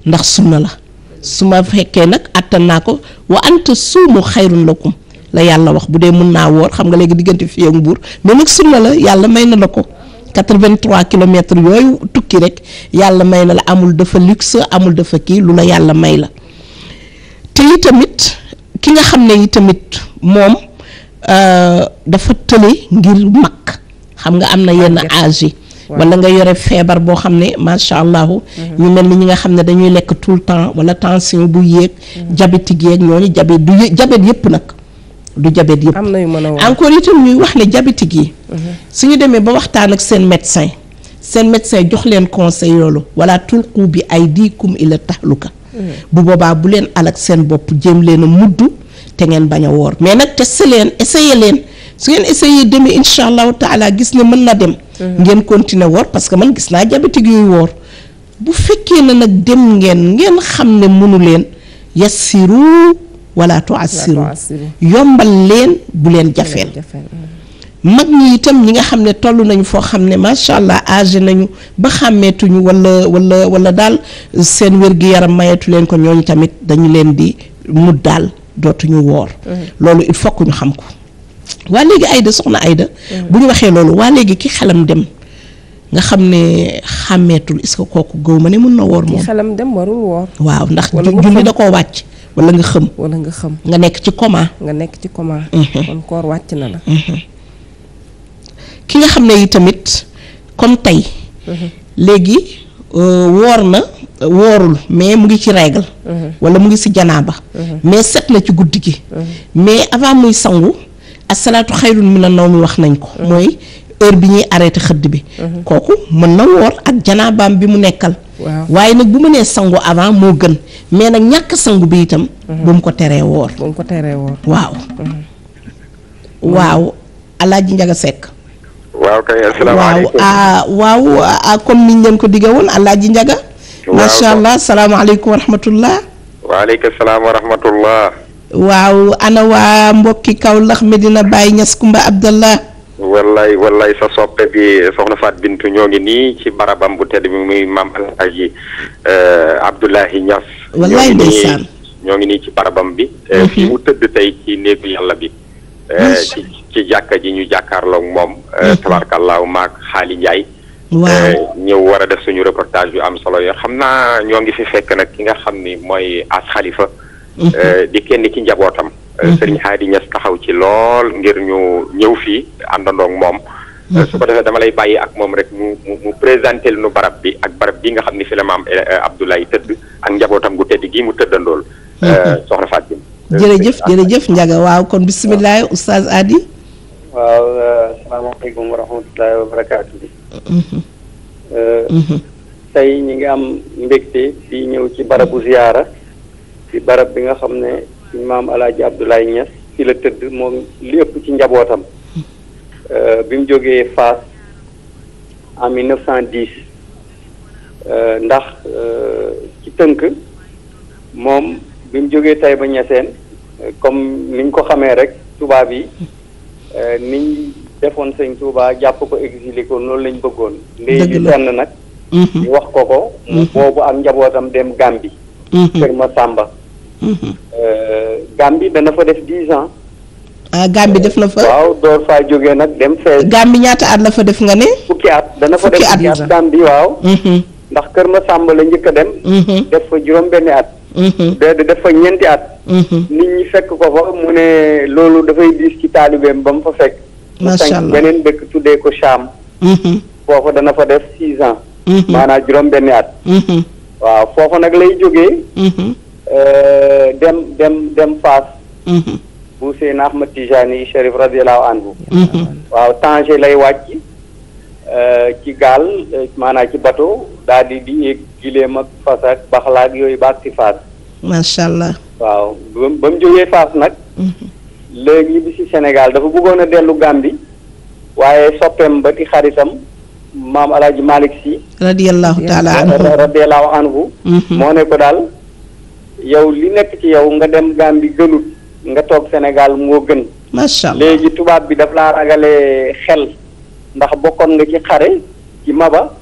ndax sunna la su ma fekkee nag attan naa ko wa anta suumu la lakum la yàlla wax bu dee mun naa woor xam nga léegi diggante fii ak Mbuur mais nag sunna la yàlla may na la ko 83 kilomètres yooyu tukki rek yàlla may na la amul dafa amul dafa kii lu la yàlla may la te yi tamit ki nga xam ne yi tamit moom euh, dafa tële ngir mag xam nga am na yenn âge yi wala nga yore feebar boo xam ne macha allah. Mhm. ñu mel ni ñi nga xam ne dañuy lekk tout le temps wala tension bu yéeg. Mhm. diabétique yeeg ñooñu diabète du diabète yëpp nag. du diabète yëpp am na mën a wax encore itam wax ne diabétique yi. Mhm. suñu demee ba waxtaan ak seen médecin seen médecin jox leen conseil yoolu wala tulqu bi aydikum ila tahluka bu boobaa bu leen alak seen bopp jéem leen a mudd te ngeen bañ woor mais nag testé leen essayé leen. su ngeen essayé demee incha allah taala gis ne mën na dem. Mhm. ngeen continuer woor parce que man gis naa diabétique yooyu woor bu fekkee ne nag dem ngeen ngeen xam ne mënu leen yassiru wala tuassiru yombal leen bu leen jafeel. Mhm. mag ñi itam ñi nga xam ne toll nañu foo xam ne macha allah âgé nañu ba xàmmeetuñu wala wala wala daal seen wér-gi-yaram mayeetu leen ko ñooñu tamit dañu leen di mu daal dootuñu woor. Mhm. loolu il faut ñu xam ko. waa léegi Aïda soxna Aïda. Mm. bu ñu waxee loolu waa léegi ki xelam dem nga xam ne xàmmeetul est-ce que kooku gëw ma ne mun na woor moom. xelam dem warul waaw ndax julli da koo wàcc. wala nga xëm wala nga xëm. nga nekk ci comment nga nekk ci coma. Mm-hmm. kon koor wàcc na la. Mm-hmm. ki nga xam ne yi tamit comme tey. Mm-hmm. léegi euh, woor na woorul mais mu ngi ci règle. wala mu ngi si ba mais set na ci guddi gi. mais avant muy sangu. asalaatu xayrun mina nawmi wax nañ ko. Mm-hmm. mooy heure bi ñuy arrêté xëdd bi. Mm-hmm. kooku mën na woor ak janaabaam bi mu nekkal. waaw waaye nag bu ma nee sangu avant moo gën mais nag ñàkk sangu bi itam. Mm-hmm. bu mu ko teree woor. bu ko teree woor waaw. waaw Alaaji Njaga Sekk waaw kay asalaamaaleykum waaw ah, waaw ah, ah, comme niñ leen ko digge woon Alaaji Njaga. waaw macha allah salaamaaleykum wa rahmatullah. waaleykum waaw ana waa mbokki Kaolack Medina Baye Niass Kumba Abdallah wallaay wallaay sa soppe bi soxna Faat bint ñoo ngi nii ci barabam bu tedd bi muy maam Alaaji eh, Abdoulahi Niass wallaay ndeysaan ñoo ngi nii ci barabam bi eh, mhm. fi mu tëdd tey ci néegu yàlla bi eh, ci jàkka ji ñu jàkkaarloog moom mhm. tabarkallaahu maak xaali Njaay ñëw war a def suñu reportage yu am solo yoo xam naa ñoo ngi fi fekk nag ki nga xam ni mooy as xalifa Euh, di kenn ci njabootam. Euh, mhm. sëriñ Hady Niass taxaw ci lool ngir ñu ñëw fii àndandoo moom. Euh, mhm. su defee dama lay bàyyi ak moom rek mu mu mu lu nu barab bi ak barab bi nga xam ni fi la maam Abdoulaye tëdd ak njabootam gu tëdd gii mu tëddandool. Mhm. soxna Fatou Binetou. jërëjëf jërëjëf Ndiaga waaw kon bisimilah oustaz Hady. waaw asalaamaaleykum wa ñi ngi am mbégte di ñëw ci barabu ziyaara. ci barab bi nga xam ne suñu maam alaaji Abdoulaye Niass fi la tëdd moom li ëpp ci njabootam euh, bi mu jógee Fass en 1910 euh, ndax euh, ci tënk moom bi mu jógee ba ñaseen comme niñ ko xamee rek tubaab yi niñ defoon sëñ Touba jàpp ko exilé ko noonu lañ bëggoon ndey bi nag mhm. ñu wax ko ko mhm. boobu ak njabootam dem Gambie mhm. kër ma Sàmba Euh, Gambie dana fa def dix ans. ah Gambie def na fa. waaw door faa jógee nag dem fee. Gambie ñaata at na fa def nga ne. fukki at dana fa def fukki at Gambie waaw. Mhm. ndax Kër ma Masamba la njëkk a dem. Mhm. def fa juróom-benni at. Mhm. déedéet def fa at. nit ñi fekk ko fa mu loolu dafay diis ci taalibeem ba mu fa fekk. macha allah beneen dëkk tuddee ko Cham. foofa dana fa def six ans. maanaam juróom-benni at. waaw foofa nag lay jógee. Euh, dem dem dem Fass mhm. bu seen Ahmad Tijani Chérif radiallahu anhu mhm. waaw Tanger lay wàcc euh, ci gaal euh, maanaam ci bateau daal di di gileem ak fas ak baxlaak yooyu ba ci Fass macha allah waaw ba mu jógee Fass nag mhm. léegi bi si Sénégal dafa bëggoon a dellu Gàmbi waaye soppeem ba di xaritam maam alaaji Malick si radiyallahu taala anhu radiyallahu anhu moo ne daal yow li nekk ci yow nga dem Gambie gënut nga toog senegal moo gën. macha léegi tubaab bi daf laa ragale xel ndax bokkoon nga ci xare ci maba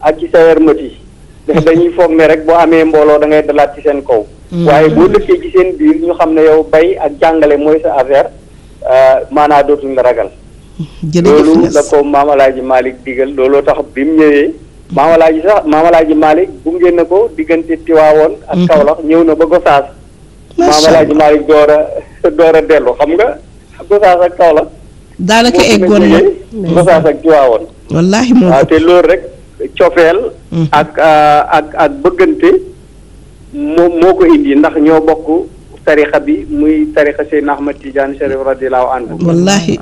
ak ci sa hermati dañuy foog ne rek boo amee mbooloo da ngay dalaat ci seen kaw. Mm. waaye boo dëkkee ci seen biir ñu xam ne yow bay ak jàngale mooy sa affaire euh, maanaa dootuñ la ragal. loolu la ko maam Alaaji Malick looloo tax bi mu ñëwee. maamalaaji sax maamalaaji Malick gunge na ko diggante Tiwaawoon ak mm-hmm. Kaolack ñëw na ba Gosaas maamalaaji Malick door a dellu xam nga Gosaas ak Kaolack daanaka eggoon na Gosaas ak Tiwaawoon wallaahi moom waaw te loolu rek cofeel mm-hmm. ak uh, ak ak bëggante moo moo ko indi ndax ñoo bokk tarixa bi muy tarixa Seydina Ahmad Tidiane Chérif radiyallahu anhu wallaahi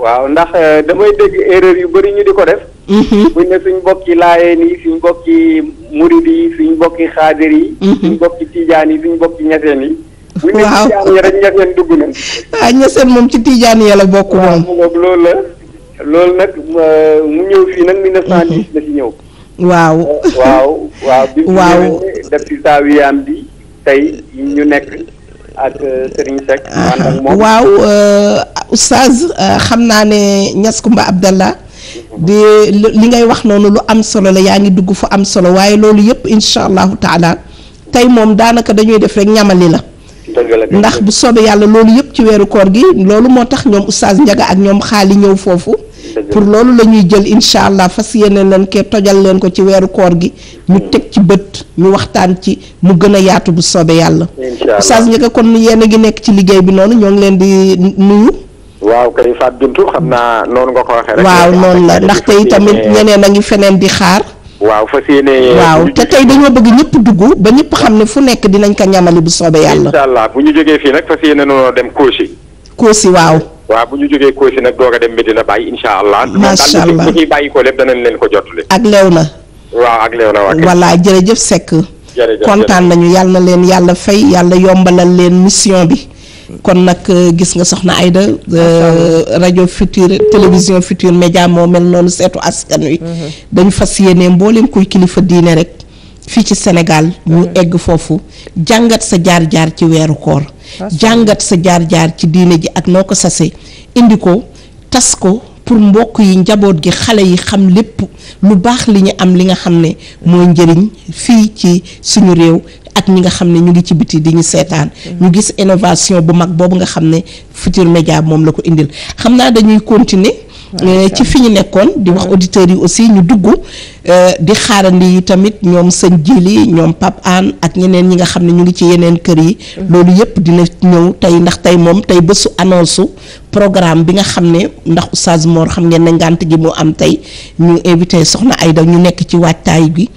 waaw ndax euh, damay dëgg erreur yu bari ñu di ko def. Mhm. buñ ne suñ bokki laayeen yi suñ bokki murid yi suñ bokki xaadir yi. Mhm. suñ bokki tijaan yi suñ bokki ñeseen yi. waaw buñ ne rek ñeseen dugg na. Ah, moom ci tiijaan yi la bokk moom. loolu la loolu nag mu ñëw fii nag 1910 mhm. la fi ñëw. waaw. waaw waaw. waaw def ci saawiyaam bi tey ñu nekk. ak euh, Serigne Seck. waaw euh, oustaz euh, xam naa ne Niass Koumba Abdallah di li ngay wax noonu lu am solo la yaa ngi dugg fu am solo waaye loolu yëpp incha allahu taala tey moom daanaka dañuy def rek ñamali la. ndax bu soobee yàlla loolu yëpp ci weeru koor gi loolu moo tax ñoom oustaz Ndiaga ak ñoom xaali ñëw foofu. pour loolu la ñuy jël incha allah fas yéene leen ke tojal leen ko ci weeru koor gi ñu hmm. teg ci bët ñu waxtaan ci mu gën a yaatu bu soobee yàlla oustaz Ndiaga kon yéen a ngi nekk ci liggéey bi noonu ñoo ngi leen di nuyu waaw kay Fatou Bintou xam naa noonu nga ko waxee rek waaw noonu la ndaxte itamit eh. ñeneen a ngi feneen di xaar waaw fas yéene waaw te tey dañoo bëgg ñëpp dugg ba ñëpp xam ne fu nekk dinañ ko ñamali bu soobee yàlla incha allah bu ñu jógee fii nag fas yéene noonu dem Kossy waaw bu ñu jógee Kossy nag doog a dem Medina Baye incha allah. macha allah daal bu ñuy bàyyi ko lépp danañ leen ko jotule ak lew na. waaw ak lew na waa voilà jërëjëf kontaan nañu yàlla na leen yàlla fay yàlla yombalal leen mission bi. kon nag euh, gis nga soxna Aida euh, rajo Futur télévision Futur média moo mel noonu seetu askan wi. Mm-hmm. dañu fas yéene mboolem kuy kilifa diine rek. fii ci Sénégal ñu egg foofu jàngat sa jaar-jaar ci weeru koor jàngat sa jaar-jaar ci diine ji ak noo ko sase indi ko tas ko pour mbokk yi njaboot gi xale yi xam lépp lu baax li ñu am li nga xam ne mooy njëriñ fii ci suñu réew ak ñi nga xam ne ñu ngi ci biti di ñu seetaan mm-hmm. ñu gis innovation bu mag boobu nga xam ne Futurs Médias moom la ko indil xam naa dañuy continuer Euh, ci fi ñu nekkoon di wax auditeurs yi aussi ñu dugg euh, di xaarandi yi tamit ñoom sëñ Jili ñoom Pape Anne ak ñeneen ñi nga xam ne ñu ngi ci yeneen kër yi mm-hmm. loolu yëpp dina ñëw tey ndax tey moom tey bésu annonce programme bi nga xam ne ndax Oustaz Mor xam ngeen ne ngànt gi moo am tey ñu invité soxna Aida ñu nekk ci waajtaay bi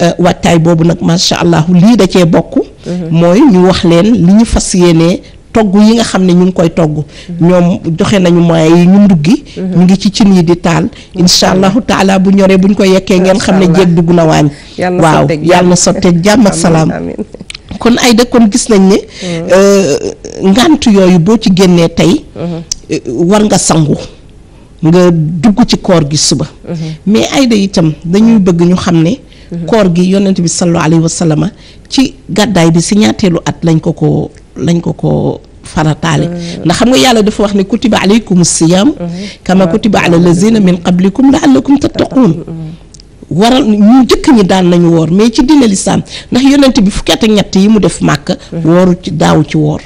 euh, waajtaay boobu nag macha allah lii da bokk mm-hmm. mooy ñu wax leen li ñu fas yéenee togg yi nga xam ne ñu ngi koy togg ñoom joxe nañu mooy yi ñu nduggi ñu ngi ci cin yi di taal incha allahu taala bu ñoree buñ ko yekkee ngeen xam ne jéeg dugg na waañ waaw yàlla na sotteeg jàmm ak salaam kon ay da kon gis nañ ne mm. euh, ngànt yooyu boo ci génnee tey mm-hmm. euh, war nga sangu nga dugg ci koor gi suba mm-hmm. mais ay itam dañuy mm. bëgg ñu xam ne mm-hmm. koor gi yonent bi sallallahu alayhi ci gàddaay bi si at lañ ko ko lañ ko ko farataale ndax xam nga yàlla dafa wax ne kutiba alaykum siyam kama mm-hmm. kutiba ala lazina min qablikum laallakum tattaquun waral ñu jëkk ñi daan nañu woor mais ci diine lislaam ndax yonent bi fukki at ñett yi mu def màkk mm-hmm. wooru ci daaw ci woor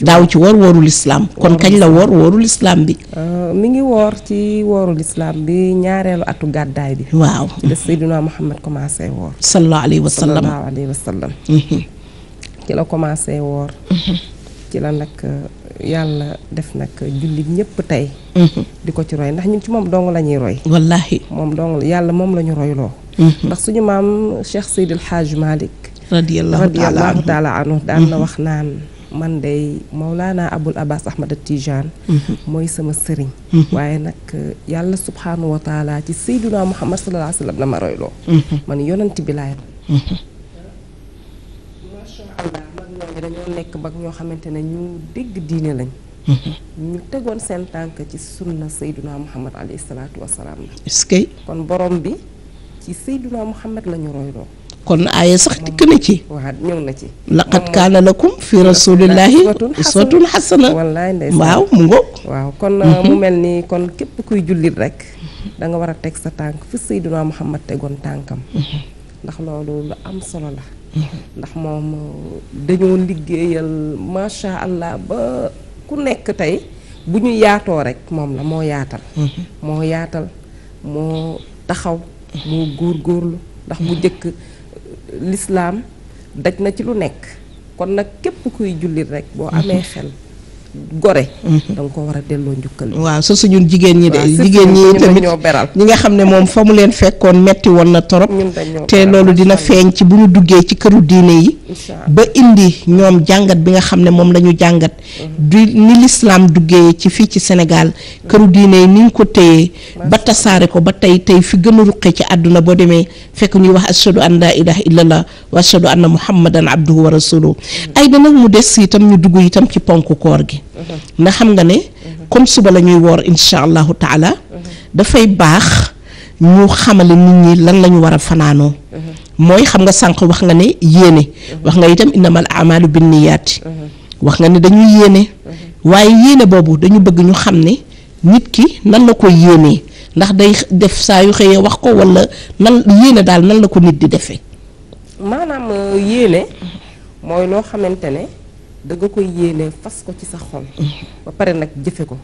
daaw ci woor wooru lislaam kon kañ la woor wooru lislaam bi euh, mi ngi woor ci wooru lislaam bi ñaareelu atu gàddaay bi waaw da Seydina Muhammad commencé woor sallallahu alayhi wa sallam sallallahu alayhi wa ci la nag euh, yàlla def nag jullit ñëpp tey. Mhm. di ko ci roy ndax ñun ci moom dong la ñuy roy. wallaahi moom dong yàlla moom la ñu royloo. Mhm. ndax suñu maam Cheikh Seydil Hadj Malick. radiyallahu taala anhu daan na mhm. wax naan. man day Mawlana Abul Abbas Ahmad Tijaan mooy sama sëriñ waaye nag euh, yàlla subhaanahu wa taala ci sayduna Muhammad sallallahu la ma royloo man yonent bi laay te dañoo nekk mag ñoo xamante ne ñu dégg diine lañ. Mm-hmm. ñu tegoon seen tànk ci sunna Seyduna Muhammad alayhi salaatu wa salaam. est kon borom bi ci Seyduna Muhammad la ñu royloo. kon aaya sax dikk na ci. waaw ñëw na ci. laqad kaana lakum fi rasulillahi uswatun xasana wallaay ndeysaan waaw mu ngoog. waaw kon uh, mm-hmm. mu mel ni kon képp kuy jullit rek. danga war a teg sa tànk fi Seyduna Muhammad tegoon tànkam. Mm-hmm. ndax loolu lu am solo la. ndax moom dañoo liggéeyal macha allah ba ku nekk tey bu ñu yaatoo rek moom la moo yaatal. Mm-hmm. moo yaatal moo taxaw. moo góorgóorlu ndax bu njëkk lislaam daj na ci lu nekk kon nag képp kuy jullit rek boo amee mm-hmm. xel. gore. Mhm. da nga ko war a delloo njukkal. waaw sa suñu jigéen ñi de. jigéen ñi tamit ñi nga xam ne moom fa mu leen fekkoon metti woon na torop te loolu dina feeñ ci bu ñu duggee ci këru diine yi. ba indi ñoom jàngat bi nga xam ne moom la ñu jàngat. Mhm. du ni lislaam ci fii ci Sénégal. këru diine yi ni ñu ko téyee. ba tasaare ko ba tey tey fi gën a ruqee ci àdduna boo demee fekk ñuy wax ashadu an laa ilaaha illallah wa ashadu anna muhammadan abduhu wa rasuluhu mhm. ay da mu des itam ñu dugg itam ci ponk koor gi. ci mm-hmm. ndax xam nga ne mm-hmm. comme suba la ñuy woor incha allahu taala mm-hmm. dafay baax ñu xamale nit ñi lan la ñu war a fanaanoo mooy xam nga sànq wax nga ne yéene wax nga itam innamal amalu binniyaati wax nga ne dañuy yéene waaye yéene boobu dañu bëgg ñu xam ne nit ki nan la ko yéenee ndax day def saa yu xëyee wax ko walla nan yéene daal nan la ko nit di defee euh, da nga koy yéene fas ko ci sa xol. Mm-hmm. ba pare nag jëfe ko.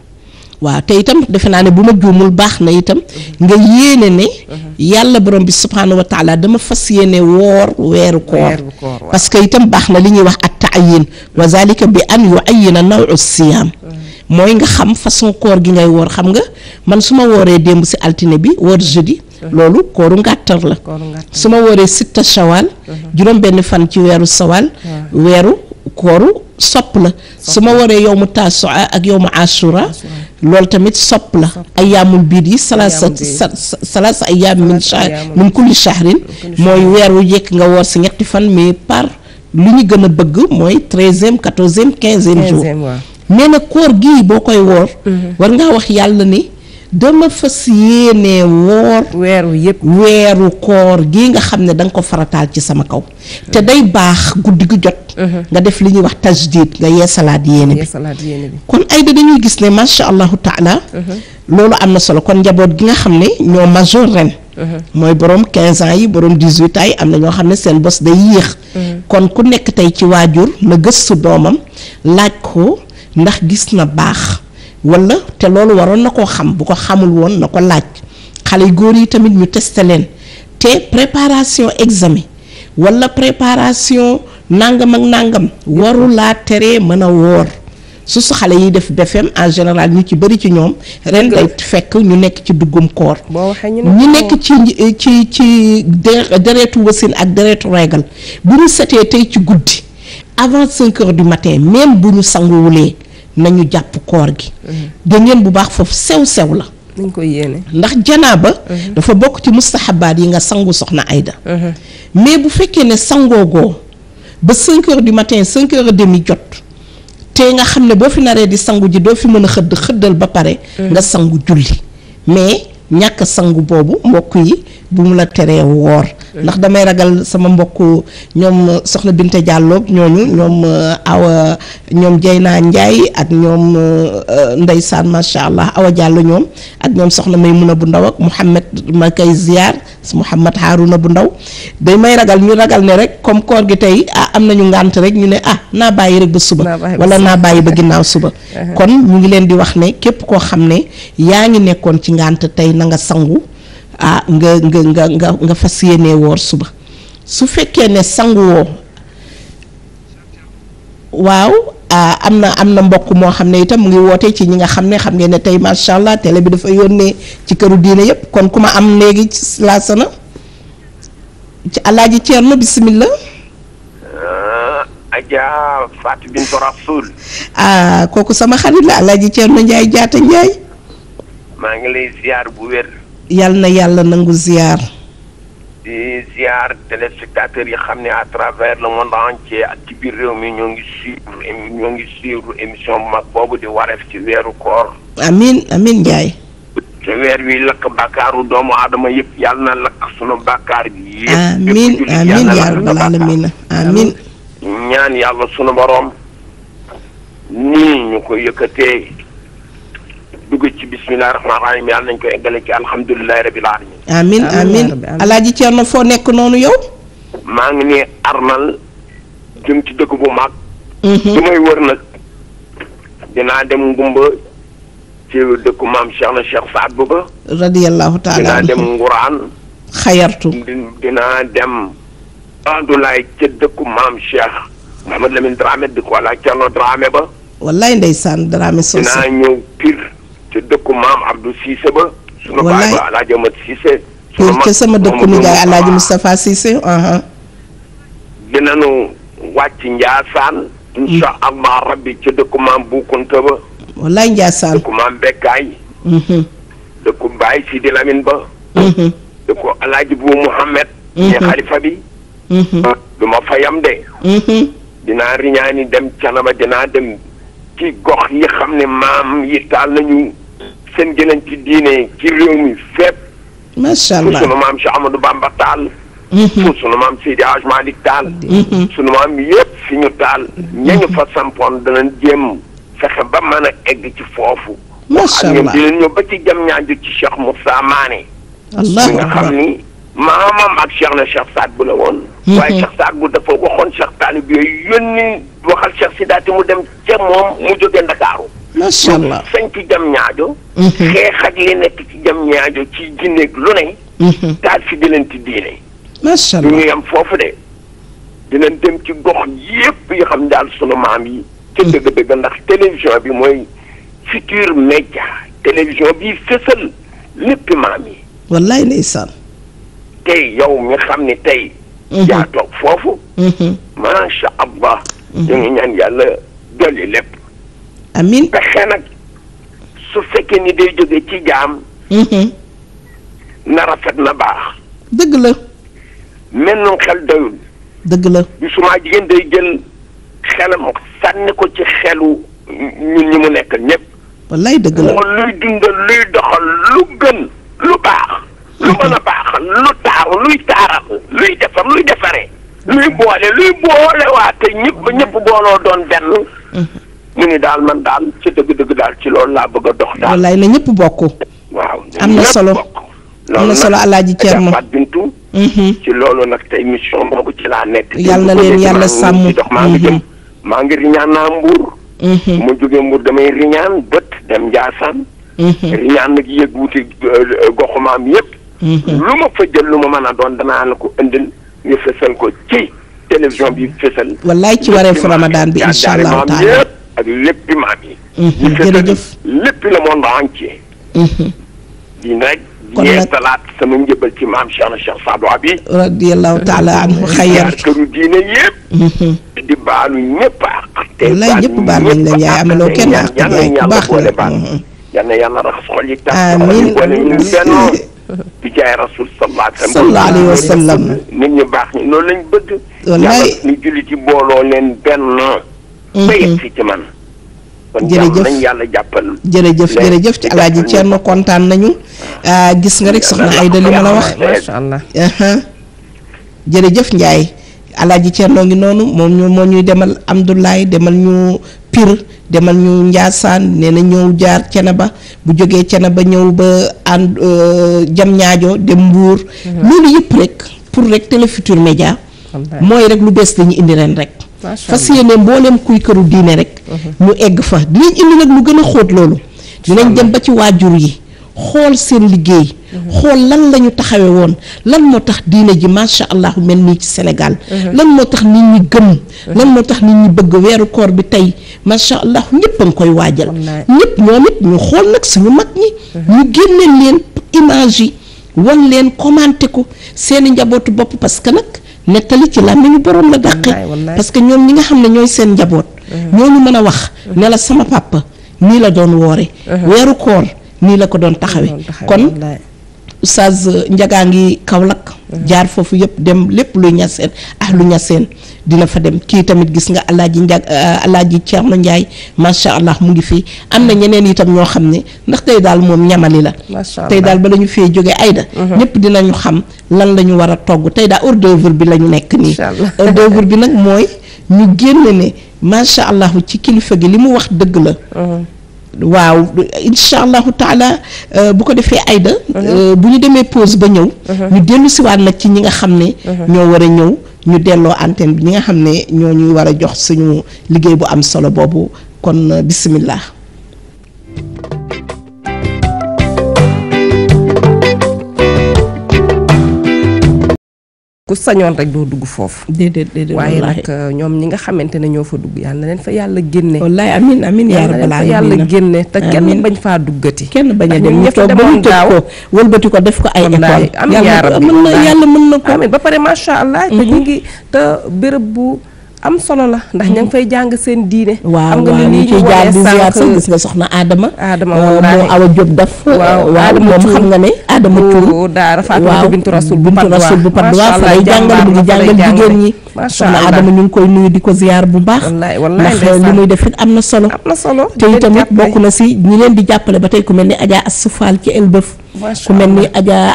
waaw te itam defe naa ne bu ma juumul baax na itam mm-hmm. nga yéene ne mm-hmm. yàlla borom bi subhaanahu wa taala dama fas yéene woor weeru koor parce que itam baax na li ñuy wax ak taayin wa zalika bi an yu ayina nawu siyaam mooy nga xam façon koor gi ngay woor xam nga man su ma wooree démb si altine bi woor jeudi loolu kooru ngàttar la su ma wooree sitta shawal juróom benn fan ci weeru sawal weeru kooru sopp la su ma waree yow mu taasua ak yow mu asura loolu tamit sopp la ayaamul biir yi salaasa salaasa ayaam min shahr min kulli shahrin mooy weer wu jekk nga woor si ñetti fan mais par lu ñu gën a bëgg mooy treizième quatorzième quinzième jour mais nag koor gii boo koy woor mm-hmm. war ngaa wax yàlla ni dama fas yéene woor weeru yëpp weeru koor gi nga xam ne da nga ko farataal ci sama kaw te day baax guddi gu jot mhm. nga def li ñuy wax tajdid nga yeesalaat yéene bi kon ay da dañuy gis ne macha allahu taala mhm. loolu am na solo kon njaboot gi nga xam ne ñoo majeur ren mhm. mooy borom 15 ans yi borom 18 ans yi am na ñoo xam ne seen bos day yéex kon ku nekk tey ci waajur na gëstu doomam laaj ko ndax gis na baax wala te loolu waroon na koo xam bu ko xamul woon na ko laaj xale góor yi tamit ñu teste leen te préparation examen wala préparation nangam ak nangam waru laa teree mën a woor su su xale yi def BFEM en général ñu ci bëri ci ñoom ren day fekk ñu nekk ci duggum koor ñu nekk ci eh, ci ci deretu wasin ak deretu regal bu ñu setee tey ci guddi avant cinq heures du matin même bu ñu sanguwulee nañu jàpp koor gi mhm. da ngeen bu baax foofu sew-sew la dañ koy yéene ndax janaaba mhm. dafa bokk ci mustahabaat yi nga sangu soxna Aida mhm. mais bu fekkee ne sangoogoo ba cinq heures du matin cinq heures demi jot te nga xam ne boo fi naree di sangu ji doo fi mën a xëdd xëddal ba pare nga sangu julli mais ñàkk sangu boobu mbokk yi bu mu la teree woor ndax damay ragal sama mbokk ñoom euh, soxna Binte Diallo ñooñu ñoom euh, awa ñoom Jeyna Ndiaye ak ñoom euh, ndeysaan macha allah awa jàll ñoom ak ñoom soxna Maymuna bu ndaw ak Mouhamed ma kay ziar Mouhamed Harouna bu ndaw day may ragal ñu ragal ne rek comme koor gi tey ah am ñu ngànt rek ñu ne ah naa bàyyi rek ba suba wala naa bàyyi ba ginnaaw suba kon ñu ngi leen di wax ne képp koo xam ne yaa ngi nekkoon ci ngànt tey na nga sangu ah nga nga nga nga nga fas yéenee woor suba su fekkee ne sangu woo waaw ah, am na am na mbokk moo xam ne itam mu ngi woote ci ñi nga xam ne xam ngeen ne tey macha allah télé bi dafa yónnee ci këru diine yëpp kon ku ma am léegi laa ci alaaji Ceerno bisimilah. Ah, ah, kooku sama xarit la alaaji Ceerno Ndiaye jaata Ndiaye. maa ngi lay ziar bu wér. yal na yàlla nangu ziar. di ziar téléspectateurs yi xam ne à travers le monde entier ak ci biir réew mi ñoo ngi suivre ñoo émission bu mag boobu di wareef ci weeru koor. amin amin Ndiaye. te weer wi lakk bàkkaaru doomu aadama yëpp yàlla na lakk sunu bàkkaar bi. yëpp amin yaa rabbal alamin amin ñaan yàlla sunu boroom. nii ñu ko yëkkatee. dugg ci bisimilah rahmaani rahiim yàlla nañ ko eggale ci alhamdulilah rabil alamin amin amin alaaji Thierno foo nekk noonu yow. maa ngi nii Armal jëm ci dëkk bu mag. Mhm. su may wër nag dinaa dem ngumba ci dëkku maam Cheikh na Cheikh Saad bu ba. radiyallahu taala dinaa dem Nguraan. xayartu dinaa dem. Andulaay ca dëkku maam Cheikh. Mouhamad Lamine Dramé dëkku wala Thierno Dramé ba. wallaay ndeysaan Dramé Socé dinaa ñëw Pire. ci dëkku maam Abdou Cissé ba. sunu baay Amat Cissé. sunu mag sama dëkku nijaay El Hadj Moustapha Cissé. Uh-huh. wàcc Njaasaan. incha mm. allah rabbi ci dëkku maam Boukounta ba. wallaay Njaasaan dëkku maam Bekkaay. Mm-hmm. dëkku Baay Sidi Lamine ba. Mm-hmm. dëkku El Hadj Bou Mouhamed. Mm-hmm. xalifa bi. Ah, du ma fayam de. dinaa riñaani dem canaba dinaa dem ci gox yi xam ne maam yi taal nañu. seen gëlëm ci diine ci réew mi fépp. macha allah fu sunu maam Cheikh Amadou Bamba taal. Mhm. fu sunu maam Seydi Hadj Malick taal. Mhm. sunu maam yëpp si ñu taal. Mhm. ñañu fa sampoon danañ jéem fexe ba ma a egg ci foofu. macha allah di leen ñëw ba ci jam ñaaju ci Cheikh Moussa Mané. allah nga xam ni maamam ak Cheikh na Cheikh Saad bu la woon. waaye Cheikh Saad bu dafa waxoon Cheikh Taalib yooyu yónni waxal Cheikh Sidaati mu dem ca mu jógee Ndakaaru. macha allah sañc jam ñaajo. Mhm. xeex ak li nekk ci jam ñaajo ci jinneeg lu ne. Mhm. daal fi di leen ci diine. macha allah ñu yam foofu de. dinañ dem ci gox yépp yi xam daal sunu maam yi. ca dëgg-dëgg mhm. ndax télévision bi mooy futur média télévision bi fësal lépp maam yi. wallaay ndeysaan. tey yow mi xam ni tey. yaa toog foofu. macha allah. ñu ngi ñaan yàlla dolli lépp. amin pexe nag su fekkee ni day jóge ci jaam mhm. na rafet na baax dëgg la mennum xel doyul dëgg la bi suma jigéen day jël xelam sànni ko ci xelu ñun ñi mu nekk ñépp wallaay dëgg la luy dundal luy doxal lu gën lu baax lu mhm. mën a baax lu taaw luy taaral luy defar luy defaree luy mhm. boole luy boole waate ñëpp ñëpp booloo doon benn mu ni daal man daal ci dëgg-dëgg daal ci loolu laa bëgg a dox daal. wallaay la ñëpp bokk. waaw am na solo am na solo alaaji Thierno Bintu mhm. ci loolu nag tey mission boobu ci laa nekk. yàlla leen yàlla sàmm dox maa ngi jëm mhm. maa ngi riñaan naa Mbour. Mhm. mu jógee Mbour damay riñaan bët dem Ndiassane. riñaan nag yëg wuti euh, goxumaam yëpp. lu ma fa lu ma man a doon danaa la ko indil ñu fësal ko ci télévision bi fësal. wallaay ci wareefu Ramadan bi incha allahu taala ak léppi maam i mhm, jërëjëf léppi la monde entier. Mhm. di nag. kon nag salaat sama njëbal ci maam Cheikh na Cheikh Sadou Abi. radiyallahu taala anhu xayar. këru mhm. di baalu ñëpp àq. te la ñaay amaloo kenn àq jaay ku baax la. yal na yàlla raxas xol yi tax. amiin boole ñu bennoo. di jaay rasul sallallahu baax ñi loolu lañ bëgg. wallaay ñu julli ci booloo leen benn. béykat mhm. fi ci man. kon jàmm nañ yàlla jàppal. jërëjëf jërëjëf ci alaaji Thierno kontaan nañu. Ah. Ah, gis nga rek soxna Aida li ma la wax. macha allah jërëjëf Ndiaye. alaaji Thierno ngi noonu moom ñu moo ñuy demal Amdoulaye demal ñu piir demal ñu Ndiassane nee na ñëw jaar ba bu jógee ba ñëw ba ànd euh, jam ñaajoo dem Mbour. Mhm. loolu yëpp rek pour rek Télé Futurs Médias. mooy rek lu bees dañu indi ren rek. fas yéene mbooleem kuy këru diine rek ñu mhm. egg fa dinañ indi nag lu gën a xóot loolu dinañ dem ba ci waajur yi xool seen liggéey mhm. xool lan la ñu taxawe woon lan moo tax diine ji macha allah mel nii ci Sénégal mhm. lan moo tax nit ñi gëm lan moo tax nit ñi bëgg weeru koor bi tey macha allah ñëpp a ngi koy waajal ñëpp ñoom it ñu xool nag ñu mag ñi ñu génneel leen image yi wan leen commenté ko seeni njabootu bopp parce que nag nettali ci làmmiñu borom la dàqe parce que ñoom ñi nga xam ne ñooy seen njaboot mhm. ñooñu mën a wax ne sama papa nii la doon woore mhm. weeru koor nii la ko doon taxawe kon oustaz euh, njagaa ngi Kaolack mm-hmm. jaar foofu yëpp dem lépp luy ñaseen ak lu ñaseen dina fa dem kii tamit gis nga alaaji njag euh, alaaji Thierno Ndiaye macha allah mu ngi fii am na mm-hmm. ñeneen itam ñoo xam ne ndax tey daal moom ñamali la tey daal ba la ñu fee jóge ayda mm-hmm. ñëpp dinañu xam lan la ñu war a togg tey daal hors d'oeuvre bi la ñu nekk nii hors d'oeuvre bi nag mooy ñu génn ne macha allah ci kilifa gi li mu wax dëgg la waaw incha allahu taala euh, bu ko defee ayda mhm. euh, bu ñu demee pause ba ñëw mhm. ñu dellu siwaat nag ci ñi nga xam ne mhm. ñoo war a ñëw ñu delloo antenne bi ñi nga xam ne ñoo ñuy war a jox suñu liggéey bu am solo boobu kon euh, bismillah ku sañoon rek doo dugg foofu. déedéet waaye nag euh, ñoom ñi nga xamante ne ñoo fa dugg yàlla na leen fa yàlla génne. wallaay amin amin yaa rabbal aalamiin yàlla génne te kenn bañ faa duggati. kenn bañ a dem ñu toog ba mu ko def ko ay école. yàlla mën na yàlla mën na ko. amin ba pare macha allah. te ñu mhm. ngi te béréb bu. am solo la ndax ña ngi fay jàng seen diine. am nga ni ñu ciy jàng di ziar sax gis nga soxna Adama. Adama euh, wallaahi moo awa Diop daf. Euh, waaw Adama moom xam nga ne. Adama Thiour daara Fatimatu bintu rasul bu Padois fa lay jàngal mu ngi jàngal jigéen ñi. macha allah soxna Adama ñu ngi koy nuyu di ko ziar bu baax. wallaay wallaay ndax euh, li muy def it am na solo. am na solo te itamit bokk na si ñi leen di jàppale ba tey ku mel as Adja Assoufal ci Elbeuf ku mel ni Adja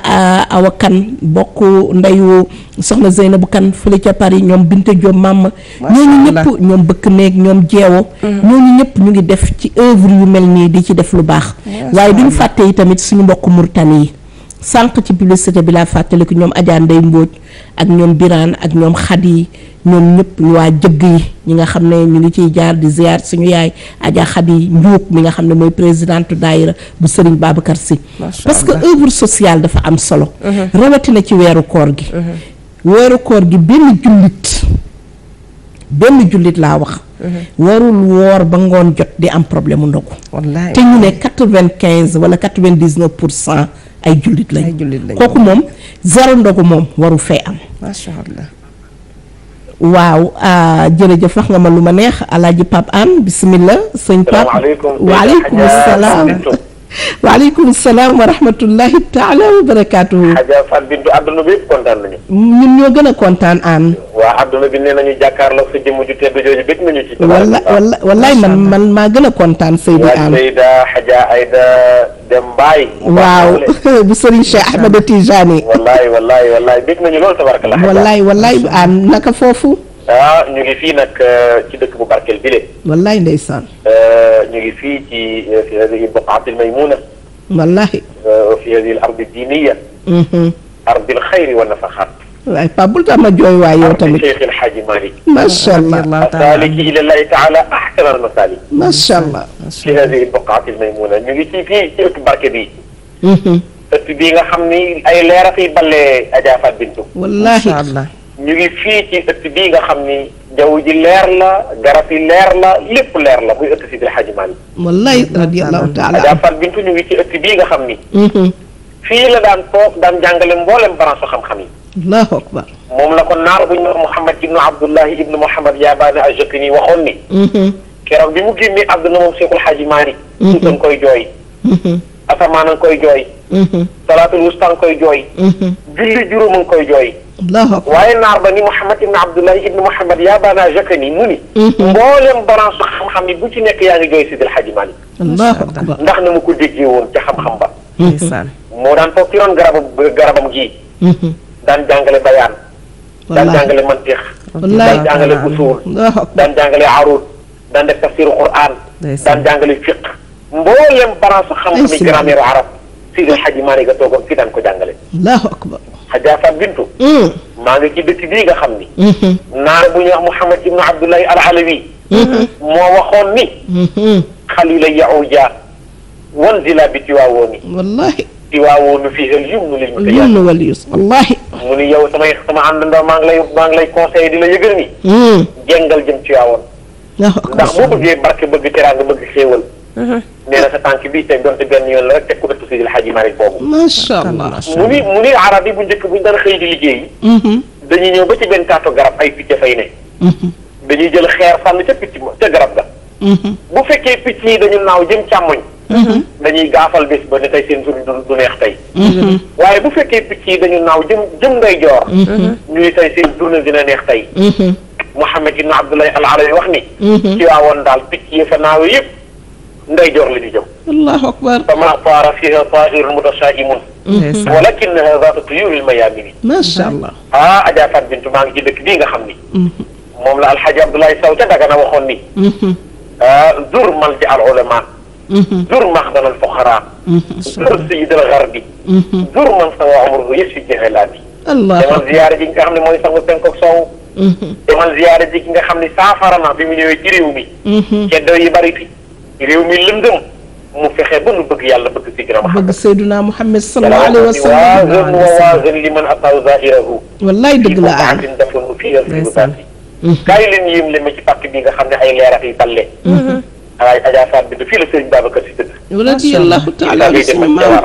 Awa kan bokk ndeyu soxna bu kan fële ca Paris ñoom Binte Diop Mamm ñooñu ñëpp ñoom bëkk néeg ñoom jeewo mm. ñooñu ñëpp ñu ngi def ci œuvre yu mel nii di ci def lu baax waaye duñu fàtte yi tamit suñu mbokk Mauritanie yi sànq ci publicité bi laa fàttaliku ñoom Adja Ndeye Mbodj ak ñoom Birane ak ñoom Khady ñoom ñëpp ñu waa jëgg yi ñi nga xam ne ñu ngi ciy jaar di ziar suñu yaay Adja Khady Ndiouk mi nga xam ne mooy présidente daayira bu Serigne Babacar si parce que œuvre sociale dafa am solo uh-huh. rawatina ci weeru koor gi uh-huh. weeru koor gi benn jullit benn jullit laa wax uh-huh. warul woor ba ngoon jot di am problème mu ndogu te ñu ne quatre vingt pour cent ay jullit lañ. ay jullit lañ kooku moom zéro ndogu moom waru fee am. macha allah. waaw ah, jërëjëf wax nga ma lu ma neex alaaji Pape Hann bisimilah. sëñ Pape waaleykum salaam. waaleykum salaam wa rahmatullahi taala wa barakaatuhu. Adja Fatou Bintou àdduna bi yëpp kontaan nañu. ñun ñoo gën a kontaan aan. waa àdduna bi nee nañu jàkkaarloo sa jëmm ju tedd jooju bëgg nañu ci. walla walla wallaay man man maa gën a kontaan Seydou Aan. Seyda Hadja Aida bu Serigne Cheikh Ahmed a wallaay wallaay wallaay bëgg nañu lool tabaraka la. wallaay wallaay bu aan naka foofu. ah ñu ngi fii nag euh, ci dëkk bu barkeel bile. wallaay ndeysaan. Euh, ñu ngi fii ci euh, fi hadihi buqaatil maymuna. wallaahi. fi hadihi al ardi diiniya. Mm-hmm. ardil xayri wa nafaxaat. waay Pape bul tax ma jooy waay yow tamit. Cheikh El Hadji Malick. macha allah masaliki ila llahi taala ahsan al masalik. macha allah. fi hadihi buqaatil maymuna ñu ngi ci fii ci ëtt barke bi. Mm-hmm. ëtt bii nga xam ni ay leer a fiy ballee Adja Fatou Bintou. wallaahi. ñu ngi fii ci ëtt bii nga xam ni jaww ji leer la garab yi leer la lépp leer la muy ëtt si biir Xaji Maalik. wallaay radiyallahu taala. Adja Fatou Bintou ñu ngi ci ëtt bii nga xam ni. Mm-hmm. fii la daan toog daan jàngale mboolem branche xam-xam yi. allahu akbar. moom la ko naar bu ñu wax Mouhamed ibnu Abdullahi waxoon ni. Mm-hmm. keroog bi mu génnee àdduna moom Seexul Xaji Maalik. Mm-hmm. suufam koy jooy. asamaan a ngi koy jooy. salaatul wustaa ngi koy jooy. julli juróom a koy jooy. waaye naar ba ni Mouhamed Ibn Abdullahi Ibn Mouhamed yaa baanaa jakani mu ni. Mhm. mboolem branche su xam-xam yi bu ci nekk yaa ngi jooy Sidil Hadji Malick. ndax na mu ko déggee woon ca xam-xam ba. Mhm. moo daan toog ci yoon garabam garabam gii. Mhm. daan jàngale bayaan. daan jàngale mantiq. daan jàngale usul. daan jàngale aruud. daan def tafsiru Qur'an. daan jàngale fiq. mboolem branche su xam-xam yi grammaire arab Sidil Hadji Malick a toogoon fii daan ko jàngale. allahu akbar Hadja Fatou Bintou. Hmm. maa ngi ci dëkk bii nga xam ni. Hmm. naar bu ñuy wax Mouhamed Ibn Abdoulaye Al Alawi. Hmm. moo waxoon ni. xal xalila yauja wanzila bi tiwaawooni. wallaahi. tiwaawoonu fii al yumnu lil mutayaas. yumnu wal yus wallaahi. mu ni yow samay sama àndandoo maa ngi lay maa ngi lay conseillé di la yëgal ni. jàngal jëm tiwaawoon. ndax boo bëggee barke bëgg teraanga bëgg xéewal. Mhm. nee na sa tànk bi te donte benn yoon la rek teg ko ëtt Seydil Hadji Malick boobu. macha allah mu ni mu ni arab yi bu njëkk bu ñu daan xëy di liggéey yi mhm. dañuy ñëw ba ci benn taatu garab ay picc fay ne. Mhm. dañuy jël xeer sànn ca picc ma ca garab ga. bu fekkee picc yi dañu naaw jëm càmmoñ. dañuy gaafal bés ba ne tey seen journée du neex tey. waaye bu fekkee picc yi dañu naaw jëm jëm ngay ñu ne tey seen journée dina neex tey. Mouhamed Ibn Abdoulaye Al wax ni. ci waawoon daal picc yi fa naaw yëpp. ndeyjoor la ñu jëm. allahu akbar. fama faara fiha taa'irun mutashaa'imun. walakinaha zaatu tuyuuril mayaamini. macha allah. ah Adja a Bintou maa ngi ci dëkk bii nga xam ni. Mhm. moom la alxaji Abdoulaye Sow ca Dagana waxoon ni. Mhm. ah zur malja al ulamaa. zur mhm. maxdan al fuqaraa. zur sayyid al garbi. zur man sawa a yasfi jahilaati. allah demal ziyaare ji nga xam ne mooy sangu penk ak soow. demal ziyaare ji nga xam ne saafara na bi mu ñëwee bari fi. réew mi lëndëm mu fexe ba nu bëgg yàlla bëgg Seydina Muhammad bëgg Seydina Muhammad sallallahu alayhi wa sallam waaw waaw waaw li man ataaw zahirahu wallaay dëgg la ah kaay leen le li ma ci pàkk bi nga xam ne ay leer ak yi talle. waaye mm-hmm. Adja Faat bi fii la Serigne Babacar si dëkk. radiyallahu taala suñu maam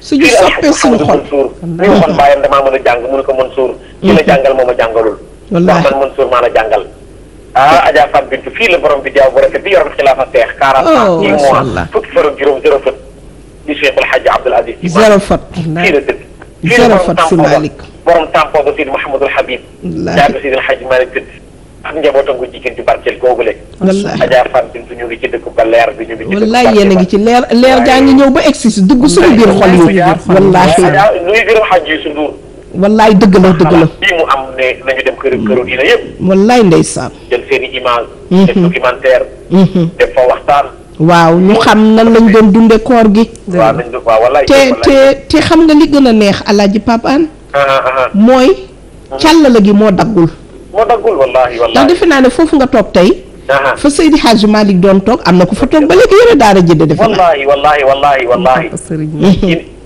suñu soppee suñu xol. ñu waxoon baayam damaa mën a jàng mun ko mën suur. ki la mm-hmm. jàngal ma jàngalul. wallaahi man mën maa la jàngal. ah Adja Fatou Bintou fii la borom bi jaaw bu rafet bi yor na xilaafa teex. oh macha allah 40 ans 6 mois fukki fan ak juróom zéro fët. di Cheikh El Hadj Abdoul Aziz. zéro fët fii la dëkk. zéro fët su Malick borom tampon ba Sidi Mouhamadul Habib. wallaahi daal di Sidi El Hadj Malick dëkk. ak njabootam gu jigéen ju barkeel googu leen. wallaahi Adja Fatou Bintou ñu ngi ci dëkk ba leer bi ñu ngi ci dëkk ba wallaahi yéen a ngi ci leer leer gaa ngi ñëw ba egsi si dugg suñu biir xol yi. wallaahi Adja nuyu gërëm xaj yi su Ndour wallaay dëgg la dëgg la yëpp. wallaay ndeysaan. jël seen i mhm. mhm. waaw ñu xam na lañ doon dunde koor gi. waaw nañ te te te xam nga li gën a neex alaaji papaan. Ah, ah, ah. mooy. Mhm. càllala gi moo daggul. moo daggul wallaahi defe naa ne foofu nga toog tey. fa Seydi Hadji Malick doon toog am na ko fa toog ba léegi yore daara jënd defe naa.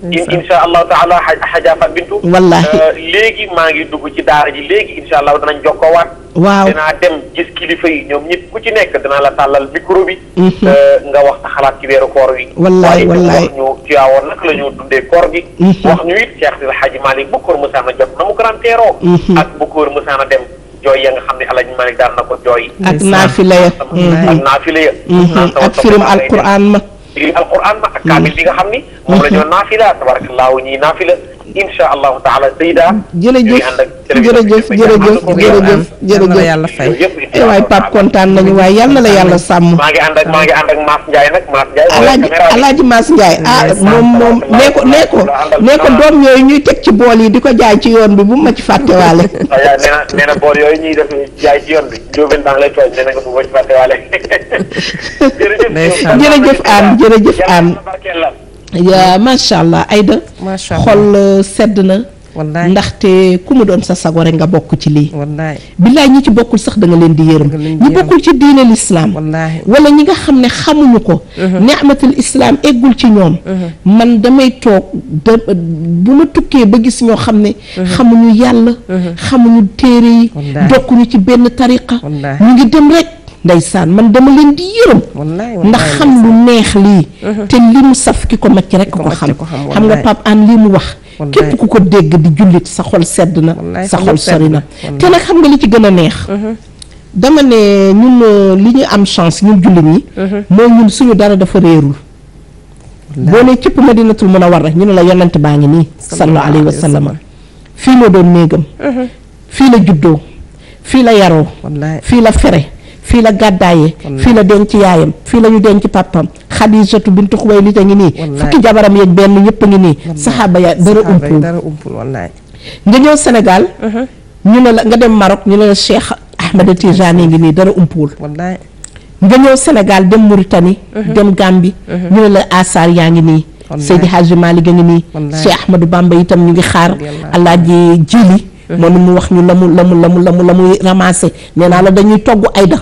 incha allahu taala Hadja Fat Bintou. wallaahi euh, léegi maa ngi dugg ci daara ji léegi incha allah danañ jokkoowaat. waaw dinaa dem gis kilifa yi ñoom ñëpp ku ci nekk dinaa la tàllal micro bi. Mhm. Euh, nga wax xalaat ci weeru koor wi. wallaay wallaay waaye ñu naka la ñu dundee koor gi. Mhm. wax ñu it Cheikh El Hadj Malick bu koor mësaana jot na mu ko daan teeroo. ak bu koor mësaana dem. jooy ya nga xam ne El Hadj daan na ko jooy. ak naafila ya. ak naafila ya. Mhm. ak firim alquran ma. ci alquran ma ak kaamil bi nga xam ni moom la ñoo mm-hmm. naafila tabarakallahu ñii naafila incha allahu taala Seyda. jërëjëf jërëjëf jërëjëf jërëjëf jërëjëf ay eh waay Pape kontaan nañu waaye yal na la yàlla sàmm. maa ngi ànd ak maa ngi ànd ak Mass Ndiaye nag Mass Ndiaye. alaaji alaaji Mass Ndiaye ah moom moom nee ko nee ko nee ko doom yooyu ñuy teg ci bool yi di ko jaay ci yoon bi bu ma ci fàttewaale. waaw ah, yaa nee na nee na bool yooyu ñuy def jaay ci yoon bi. Diofène Tàng lay tooñ nee na nga bu ma ci fàttewaale. jërëjëf jërëjëf Anne jërëjëf Anne macha allah Aida. macha allah xol euh, sedd na. wallaay ndaxte ku mu doon sa sago rek nga bokk ci lii. wallaay billaay ñi ci bokkul sax da nga leen di yërëm. ñi bokkul ci diine lislaam wala ñi nga xam ne xamuñu ko. Mhm. ni'matul islam eggul ci ñoom. Mhm. man damay toog da bu ma tukkee ba gis ñoo xam ne. Mhm. xamuñu yàlla. xamuñu téere yi. dokkuñu ci benn tariqa. ñu ngi dem rek. ndeysaan man dama leen di yërëm ndax xam lu neex lii uh-huh. te li mu saf ki ko macc rek ko xam xam nga Pape Hann lii mu wax képp ku ko dégg di jullit sa xol sedd na sa xol sori na te nag xam nga li ci gën a neex uh-huh. dama ne ñun euh, li ñu am chance ñun jullit ñi uh-huh. suñu dara dafa réerul boo ne cëpp madinatul mën a war rek ñu la yonent baa ngi nii sallallahu alayhi fii la doon néegam fii la juddoo fii la yaroo fii la fere fii la gàddaayee fii la denc yaayam fii la ñu denc pàppam xadijatu bintu xuwaylid a ngi nii fukki jabaram yeeg benn ñëpp a ngi nii saxaaba ya dara umpul nga ñëw Sénégal uh-huh. ñu ne la nga dem Maroc ñu ne la Cheikh Ahmed Tijani ngi nii dara umpul nga ñëw Sénégal dem Mauritanie uh-huh. dem Gambie uh-huh. ñu ne la Asar yaa ngi nii Seydi Hadji Malick a ngi nii Cheikh Ahmadou Bamba itam ñu ngi xaar Alaaji Jili moom mu wax ñu la mu la mu la mu la mu la muy ramassé nee naa la dañuy togg ayda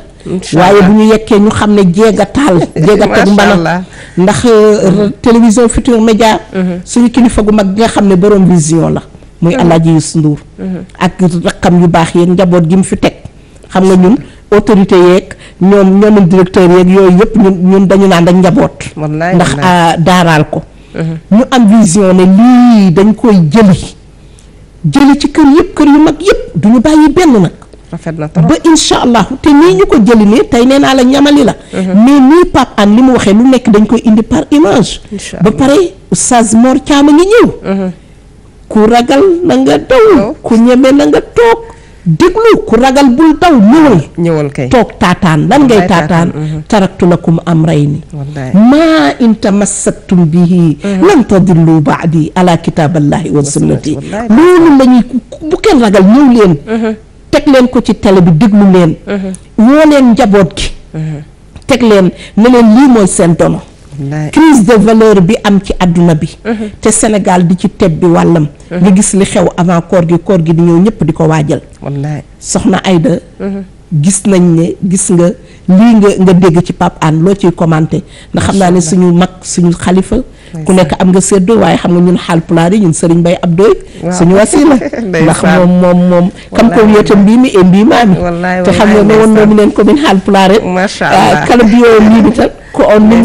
waaye bu ñu yekkee ñu xam ne jéeg a taal a teg mbana ndax euh, mm-hmm. télévision Futurs Médias mm-hmm. suñu kilifa gu mag gi nga xam ne borom vision la muy mm-hmm. Alaaji Youssou Ndour ak rakkam yu baax yeeg njaboot gi mu fi teg xam nga ñun autorité yeeg ñoom ñoomu directeur yeeg yooyu yëpp ñun ñun dañu naan dañ njaboot ndax ah, daaraal ko ñu am vision ne lii dañ koy jëli jëli ci kër yëpp kër yu mag yëpp duñu bàyyi benn nag rafet na ba incha allah te nii ñu ko jëlilee tey nee naa la ñamali la. Mhm. mais nii Pape Hann li mu waxee lu nekk dañ koy indi par image. ba pare Oustaz Mor Thiam a ngi ñëw. Mhm. ku ragal na daw. ku ñeme na nga toog. déglu ku ragal bul daw ñëwal ñëwal taataan lan ngay taataan mhm. taraktu lakum amrayni maa in la ñuy bu kenn ragal ñëw leen teg ko ci télé bi déglu leen. woo leen njaboot gi. teg leen ne leen lii mooy seen dono. crise de valeur bi am ci àdduna bi. te Sénégal di ci tebbi wàllam. nga gis li xew avant koor gi koor gi di ñëw ñëpp di ko waajal. soxna Aida. gis nañ ne gis nga lii nga nga dégg ci Pape Hann loo ciy commenté ndax xam naa ne suñu mag suñu xalifa ku nekk am nga séddoo waaye xam nga ñun Haalpulaar yi ñun Serigne Mbaye Abdoye suñu wasila ndax moom moom moom kam ko wiyata mbimi e mbimami te xam nga ne wonnomi nen commune Haalpulaar kala mbiyo mbimi tan ko on min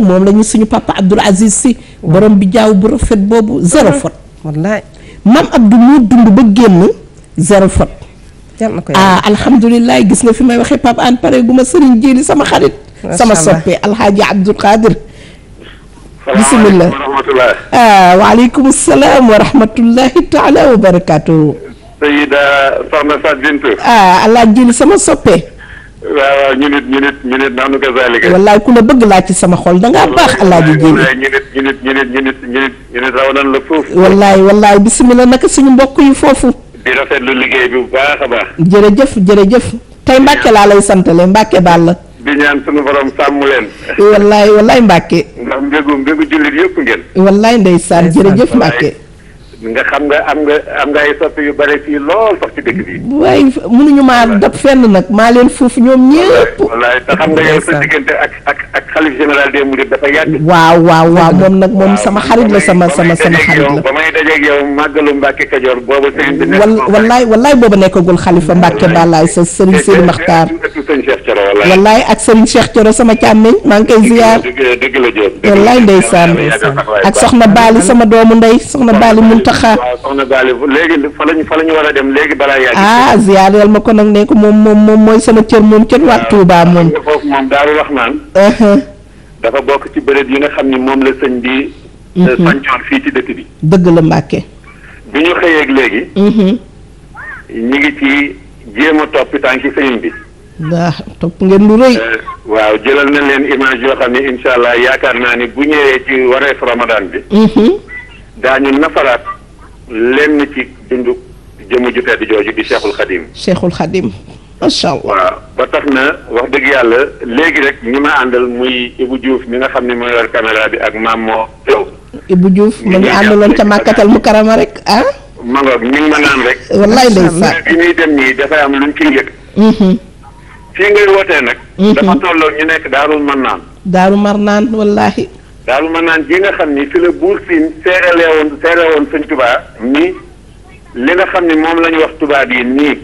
moom la ñu suñu papa Abdoul Aziz Sy borom bi jaaw bu rafet boobu zéro mm-hmm. faute wallaay maam Abdou mu dund ba génn zéro faute ah alhamdulilah gis nga fi may waxee Pape Hann pare gu ma sëriñ jéeli sama xarit sama soppe alhaaji Abdul Qadir bisimillah ah waaleykum salaam wa rahmatullahi taala wa barakatuhu sayida soxna Fatou Bintou ah alhaaji jéeli sama soppe waaw waaw ñu nit ñu nit ñu nit naanu kazalika wallaay ku la bëgg laa ci sama xol dangaa baax alaaji jéeli ñu nit ñu nit ñu nit ñu nit ñu nit raw nan la foofu wallaay wallaay bisimillah naka suñu mbokk yi foofu di rafetlu liggéey bi bu baax a baax. jërëjëf jërëjëf. tey Mbacke laa lay santale Mbacke baal la. di ñaan suñu borom sàmm leen. wallaay wallaay Mbacke. ndax mbégu mbégu jullit yëpp ngeen. wallaay ndeysaan jërëjëf Mbacke. nga xam nga am nga am nga ay soppi yu bare fii lool sax ci dëkk bi. waaye maa dab fenn nag maa leen foofu ñoom ñëpp. wallaay te xam nga yow sa diggante ak ak ak xalif général des mourides dafa yàgg. waaw waaw waaw moom nag moom sama xarit la sama sama sama xarit la ba may dajeeg yow Kajoor boobu. sëñ bi nekk wallaay wallaay booba nekkagul xalifa Mbàkke Balaay sa sëriñ Sëriñ Maxtaar wallaay ak Serigne Cheikh Thioro sama càmmiñ maa ngi koy ziar wallaay ndeysaan ndeysaan ak soxna Bali sama doomu ndey soxna Bali Muntaxa ah ziareel ma ko nag ne ko moom moom moom mooy sama cër moom cër waa Touba moom uh-huh. dafa bokk ci béréb yi nga xam ni moom la sëñ bi euh, mm-hmm. sàncoon fii ci dëkk bi dëgg la Mbàkke bi ñu xëyeeg léegi mm-hmm. ñu ngi ci jéem a topp tànki sëñ bi waaw topp ngeen lu rëy. Eh, waaw jëlal na leen image yoo xam ne incha allah yaakaar naa ni bu ñëwee ci wareef ramadan bi. Mhm. daañu nafaraat lenn ci dundu jëmm ju tedd jooju di Cheikhul Khadim. Cheikhul Khadim macha allah. waaw ba tax na wax dëgg yàlla léegi rek ñi ma àndal muy Ibou Diouf mi nga xam ne mooy war bi ak maam moo yow. Ibou Diouf ma ngi àndaloon ca màkkatal mu karama rek ah. ma nga ma naan rek. wallaay ndeysaan bi ñuy dem nii dafay am luñ ciy yëg. Mhm. fii ngay wootee nag. Mhm. dafa tolloo ñu nekk Daaru Marnaan. Daaru Marnaan wallaahi. Daaru Marnaan ji nga xam ni fi la buur siin seerele woon seere woon sëñ Tuubaa nii li nga xam ni moom la wax tubaab yi nii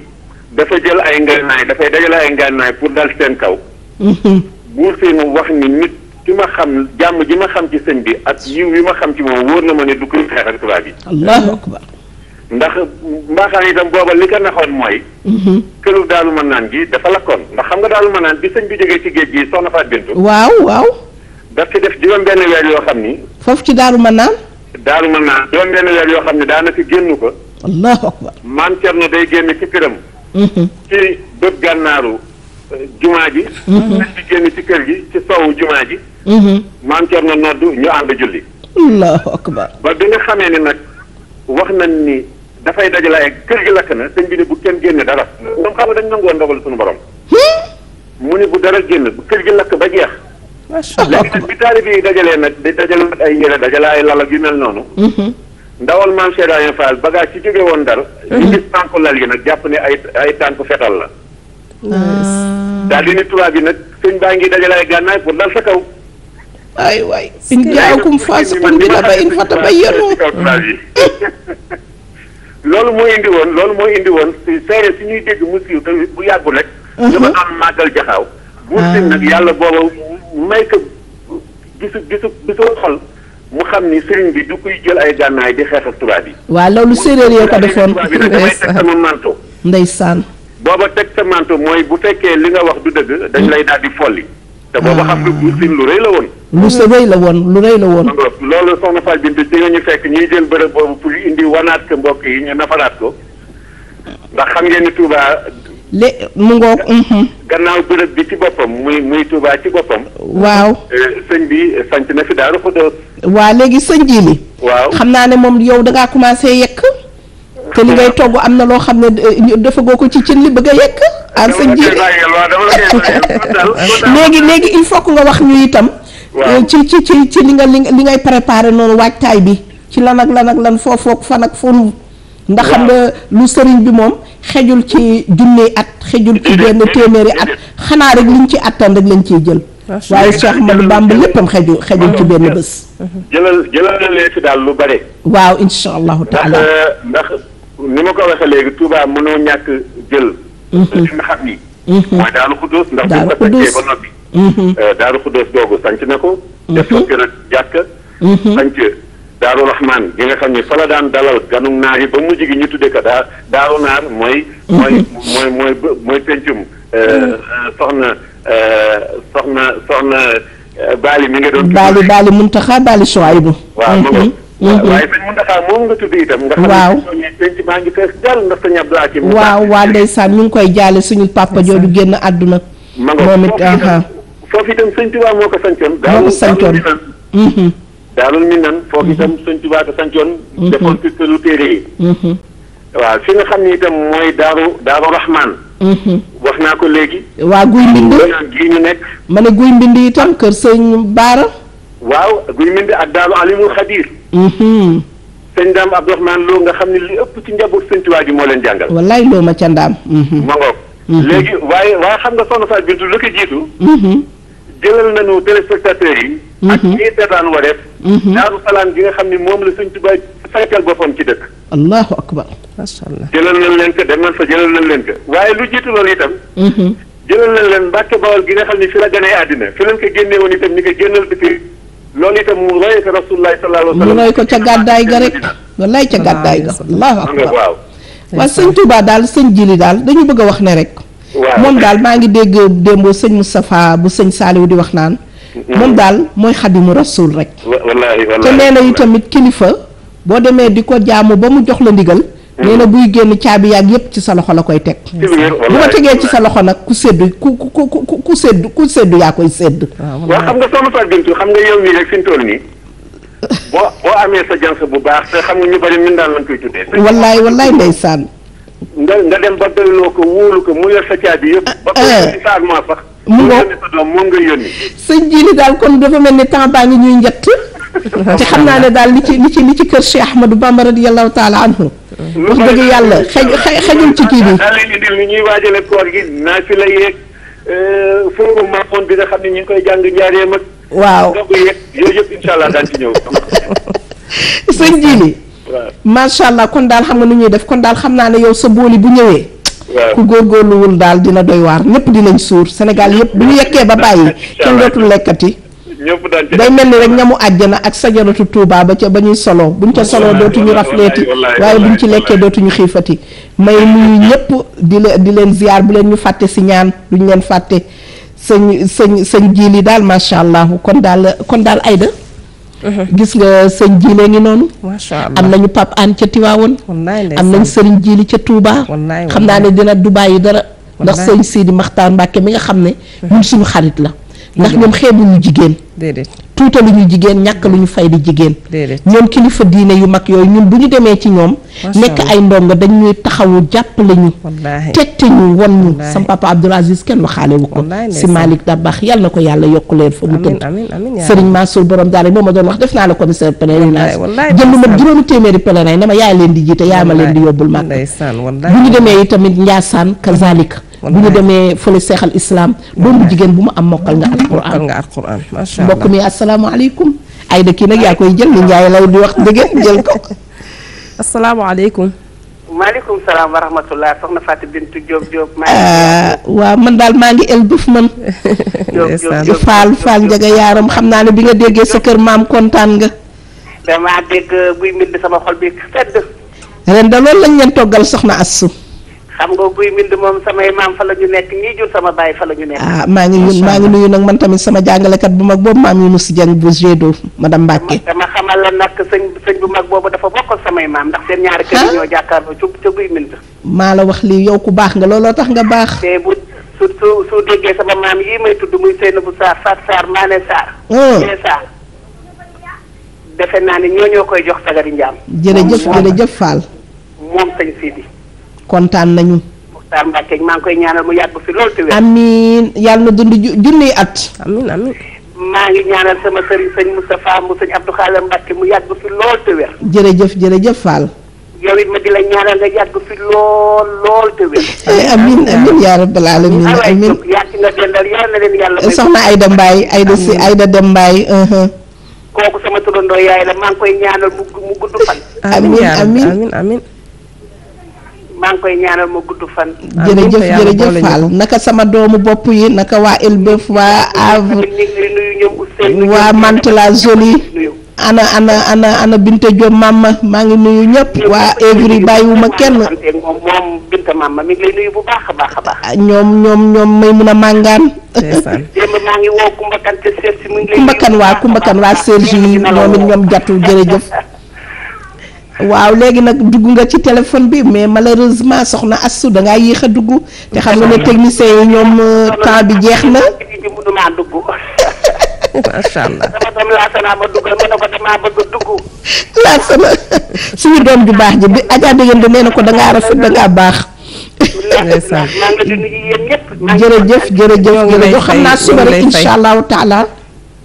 dafa jël ay ngànnaay dafay dajale ay ngànnaay pour dal seen kaw. Mhm. buur siin wax ni nit ki ma xam jàmm ji ma xam ci sëñ bi ak yiw yi ma xam ci moom wër na ma ne du koy xeex ak tubaab yi. allahu akbar. ndax yi itam booba li ko nexoon mooy. Mhm. këru daalu mën naan gi dafa lakkoon ndax xam nga daalu mën naan bi sëñ bi jógee ci géej gi soxna faa Bintu. waaw waaw. daf ci def juróom benn weer yoo xam ni. foofu ci daalu mën naan. daalu mën naan juróom benn weer yoo xam ni daanaka génn ko. allahu akbar. maam Cerno day génn ci këram. Mhm. gànnaaru euh, jumaa ji. Mhm. génn ci kër gi ci soowu jumaa ji. maam Cerno noddu ñu ànd julli. allahu akbar. ba bi nga xamee ni nag wax na ni. dafay dajale ay kër gi lakk na sëñ bi ne bu kenn génne dara. ñoom xam nga dañ nangoon ndogal suñu borom. mu ne bu dara génn bu kër gi lakk ba jeex. bi taalibe yi dajalee nag di dajale nag ay yére yu mel noonu. Mhm. ndawal maam Cheikh Ibrahima Fall bagage ci jóge woon dal. Mhm. ñu gis tànku lal yi nag jàpp ne ay ay tànku fetal la. daal di ne tubaab yi nag sëñ baa ngi dajale ay gànnaay pour dal sa kaw. ay waay in jaakum faasiqun bi naba'in fatabayyanu loolu moo indi woon loolu moo indi woon seere si ñuy dégg mu siiw te bu yàggul rek. Mhm. dafa am màggal jaxaaw. bu ah. sin nag yàlla booba may ko gisu gisu gisu xol mu xam ni sëriñ bi du kuy jël ay gànnaay di xeex ak tubaab yi. waaw loolu séeréer yoo ko defoon. tubaab yi nag manto. ndeysaan. booba teg sa manto mooy bu fekkee li nga wax du dëgg dañ mm. lay daal di folli. te booba xam nga Buur lu rëy la woon. lu sa rëy la woon lu rëy la woon. loolu soxna Fall Binta ci nga ñu fekk ñuy jël bërëb boobu pour indi wanaat ko mbokk yi ñu nafaraat ko ndax xam ngeen ni Touba. lé mu ngoog. Mhm. gannaaw bërëb bi ci boppam muy muy Touba ci boppam. waaw eh, sëñ bi sanc na fi Daaru Xudoos. waa léegi sëñ ji li. waaw xam naa ne moom yow da ngaa yekk. te li ngay togg am na loo xam ne euh, dafa goo ko ci cin li bëgg a yekk an sañ ji léegi léegi il faut que nga wax ñu itam euh, ci ci ci ci li nga li ngay préparé noonu waajtaay bi ci lan ak lan ak lan foofoog fan ak fonu ndax xam nga lu sëriñ bi moom xejul ci junni at xejul ci benn téeméeri at xanaa rek liñ ci attan rek lañ ci jël waaye Cheikh Ahmadou Bamba léppam xeju xejul ci benn bés mhm. lu bare waaw insha allahu taala euh, ni ma ko waxee léegi Touba mënoo ñàkk jël. li mhm. nga xam mhm. ni. mooy Daaru Xuddoos ndax bu ko sancee ba noppi. Mhm. Euh, Daaru Xuddoos googu sanc na ko. def ko gën a jàkk. sanc Daaru Rahman gi nga xam ni fa la daan dalal ganu naar yi ba mu gi ñu tuddee ko daa Daaru Naar mooy. mooy mooy mooy mooy pencum. Euh, euh, soxna soxna soxna Baali mi nga doon. Baali Baali Muntaxa Baali Suwaybu. waaw Mhm. waaye sëñ Mountakha moom nga tudd itam. nga xam ne penc maa ngi fees jàll ndax sëñ Abdou Akim. waaw waa ndeysaan ñu ngi koy jaale suñu papa jooju génn àdduna. moom it foofu itam sëñ Tuubaa moo ko sancoon. moo ko sancoon mhm. daalul mi nan foofu itam mhm. sëñ Tuubaa ko sancoon. defoon ci këru téere yi. waaw fi nga xam ne itam mooy daaru daaru Rahman. wax naa ko léegi. waa guy mbind. guy ñu nekk. ma ne guy mbind itam kër sëñ Baara. waaw guy mbind ak daalu alimul xadir mhm. sëñ daam abdourahman loo nga xam ni li ëpp ci njaboot sëñ Tuubaa ji moo leen jàngal wallaay loo ma ca ndaam mhm. ma mhm. léegi waaye waaye xam nga soxna Fatou Bintou lu ko jiitu jëlal nañu téléspectateurs yi ak ñii seetaan wareef daaru salaam gi nga xam ne moom la sëñ Tuubaa sàncal boppam ci dëkk allahu akbar macha allah jëlal nañ leen ko dem nañ fa jëlal nañ leen ko waaye lu jiitu loolu itam jëlal nañ leen Mbàkke Bawol gi nga xam ne fi la ganee àddina fi leen ko génne ni ko génnal dëkk loolu itam mu royee ko rasulullahi sallallahu alayhi wa sallam ca gàddaay ga rek wallaay ca gàddaay sëñ Touba daal sëñ Jili daal dañu bëgg a wax ne rek moom daal maa ngi dégg démb sëñ Moustapha bu sëñ Saaliw di wax naan moom mm-hmm. daal mooy xadimu rasul rek te nee na yi tamit kilifa boo demee di ko jaamu ba mu jox la ndigal nee na hmm. buy génn caabi yàgg yépp ci sa loxo la koy teg bu ko tegee ci sa loxo nag ku séddu ku ku ku ku séddu ku séddu yaa koy sédd waaw xam nga soxna ma Bintou xam nga yow fi ñu toll nii boo boo amee sa jans bu baax te xam nga ñu bari min daan lañ koy tuddee wallaay wallaay ndeysaan nga nga dem ba doyloo ko wóolu ko mu yor sa caabi yëpp ba ko eh, eh. sa mu nga sa doom moom nga yónni sëñ ji daal kon dafa mel ni temps baa ngi ñuy njëtt te xam naa ne daal li ci li ci li ci kër Cheikh Ahmadou Bamba radiyallahu taala anhu wax dëgg yàlla xaj xajul ci kii bi. naa leen indil ni ñuy waajale koor gi naa fi la yeeg euh, foofu maamoon bi nga xam ne ñu ngi koy jàng njaareem ak. waaw donc yeeg yooyu yëpp allah kon daal xam nga nu ñuy def kon daal xam naa ne yow sa booli bu ñëwee. ku góorgóorluwul daal dina doy waar ñëpp dinañ suur Sénégal yëpp bu ñu yekkee ba bàyyi. incha allah kenn dootul lekkati. ñëpp day mel ni rek ñamu àjjana ak sajaratu tuubaa ba ca ba ñuy soloo buñ ca soloo dootuñu rafleeti waaye buñ ci lekkee dootuñu xiifati may nuyu ñëpp di leen di leen bu leen ñu fàtte si ñaan duñ leen fàtte sëñ sëñ sëñ jiili daal macha allah kon daal kon daal Aida. Mhm. gis nga sëñ jiilee ngi noonu. macha allah am nañu Pape An ca Tiwaawoon. am nañ sëriñ jiili ca Touba. xam naa ne dina Dubaay yi dara. ndax sëñ Sidi Maxtaar Mbàkke mi nga xam ne. Mhm. ñun suñu xarit la. ndax ñoom xeebuñu jigéen déedéet tuutaluñu jigéen ñàkk lu ñu fay faydi jigéen ñoom kilifa diine yu mag yooyu ñun bu ñu demee ci ñoom nekk ay ndongo dañ ñuy taxawu jàppale ñu tegte ñu won ñu sama papa Abdoul Aziz kenn waxaale ko si Malick Dabax yàlla ko yàlla yokk leen fa mu tëdd Serigne Mansour borom daara moo ma doon wax def naa la commissaire pèlerinage jël lu ma juróomi téeméeri pèlerin ne ma yaay leen di jiite yaay ma leen di yóbbul mag bu ñu demee yi bu ñu demee fële seexal islaam doom jigéen bu ma am mokkal nga alquran nga mbokk mi asalaamaaleykum ay da kii nag yaa koy jël li njaay law di wax dëgg jël ko asalaamaaleykum maaleykum salaam wa rahmatulah soxna Fatou Bintou Diop Diop. Ah, waaw man daal maa ngi Elbeuf man. Diop Faal Faal Njaga yaaram xam naa ne bi nga déggee sa kër maam kontaan nga. damaa dégg uh, buy mbind sama xol bi sedd. ren da lañ leen toggal soxna Asou. xam nga guy mbind moom samay maam fa la ñu nekk ñii jur sama baay fa la ñu nekk. ah maa ngi nuyu maa ngi nuyu nag man tamit sama jàngalekat bu mag boobu maam Younouss Dieng bu Gédo madame Mbacke. dama xamal la nag sëñ sëñ bu mag boobu dafa bokk samay maam ndax seen ñaari kër yi ñoo jàkkaarloo ci ca guy maa la wax lii yow ku baax nga looloo tax nga baax. te bu su su su sama maam yii may tudd muy Seynabou Sarr Fatou Sarr Mané Sarr. Oh. Mané Sarr. defe naa ni ñoo ñoo koy jox sagari njaam. jërëjëf jërëjëf Fall moom sëñ Sidi kontaan nañu. Muxtaar Mbàkke maa ngi koy ñaanal mu yàgg fi lool te wér. yàlla na dund ju junniy at. amiin maa ngi ñaanal sama sëriñ sëñ Moustapha mu sëñ Abdou Khaler Mbàkke mu yàgg fi lool te wér. jërëjëf jërëjëf jëf yow it ma di la ñaanal nga yàgg fi lool lool te wér. Eh, amiin amiin yaa rabbal aalamiin amiin yàgg nga yàlla. soxna Ayda Mbaye Ayda si Ayda Dem Mbaye. Uh-huh. kooku sama turandoo yaay la maa ngi koy ñaanal mu gudd fan. amiin amiin maa ngi koy ñaanal ma gudd fan. Ah, jërëjëf naka sama doomu bopp yi naka waa Elbeuf waa Havre waa Mantes-la Jolie ana ana ana ana Binta Diop maa ngi nuyu ñëpp waa Évry bàyyiwuma kenn. a baax a ah, ñoom ñoom may mun a màngaan. Kumbakan waa Kumbakan waa Serge moom it ñoom jàttu jërëjëf. waaw léegi nag dugg nga ci téléphone bi mais malheureusement soxna Astou da ngaa yéex a dugg te xam ne techniciens yi ñoom euh, temps bi jeex na. macha allah sama doom laasana ma dugg ma ne ko damaa bëgg a dugg. laasana suñu doom ju baax ji bi Adja Dégende nee na ko da ngaa rafet da ngaa baax. jërëjëf jërëjëf jërëjëf xam naa suba rek incha allahu taala.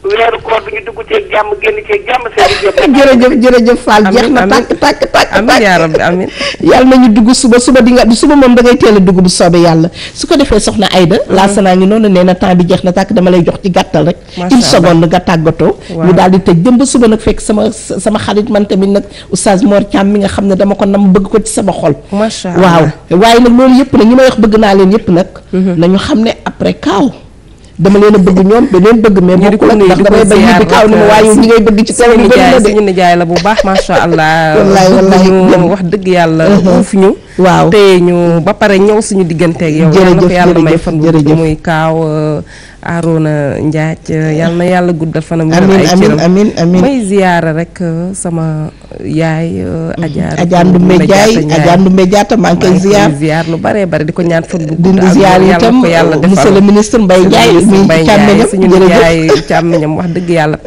weeru koor bi ñu dugg ci jàmm génn ci jàmm seen jërëjëf jërëjëf Fall jeex na tàkk tàkk tàkk amiin yaa rabbi amiin yàlla dugg suba suba di nga suba moom da ngay teel a dugg bu soobee yàlla su ko defee soxna Aida mhm. laasanaa ngi noonu nee na temps bi jeex na tàkk dama lay jox ci gàttal rek une seconde nga tàggatoo ñu daal di tëj dem ba suba nag fekk sama sama xarit man tamit nag oustaz Mor Thiam mi nga xam ne dama ko nam bëgg ko ci sama xol waaw waaye nag loolu yëpp nag ñi may wax bëgg naa leen yëpp nag mhm. nañu xam ne après kaaw dama leen a bëgg ñoom da leen bëgg mais bokkul ak ndax damay bañ ñibbi kaw ni ma waaye ñi ngay bëgg ci kaw ni nijaay la bu baax macha allah wallaay wallaay wax dëgg yàlla uh-huh. fi ñu waaw téye ñu ba pare ñëw suñu digganteeg yow. jërëjëf yàlla may fan bu muy kaaw euh, Arona Ndiath euh, yàlla na yàlla guddal fanam. amiin amiin amiin amiin rek euh, sama yaay. Adja Ndumbe Ndiaye Adja Ndumbe Diatta maa ngi koy ziyaar ziyaar lu bare bare di ko ñaan fan bu gudd. di ziyaar itam monsieur le ministre Mbaye Ndiaye wax dëgg yàlla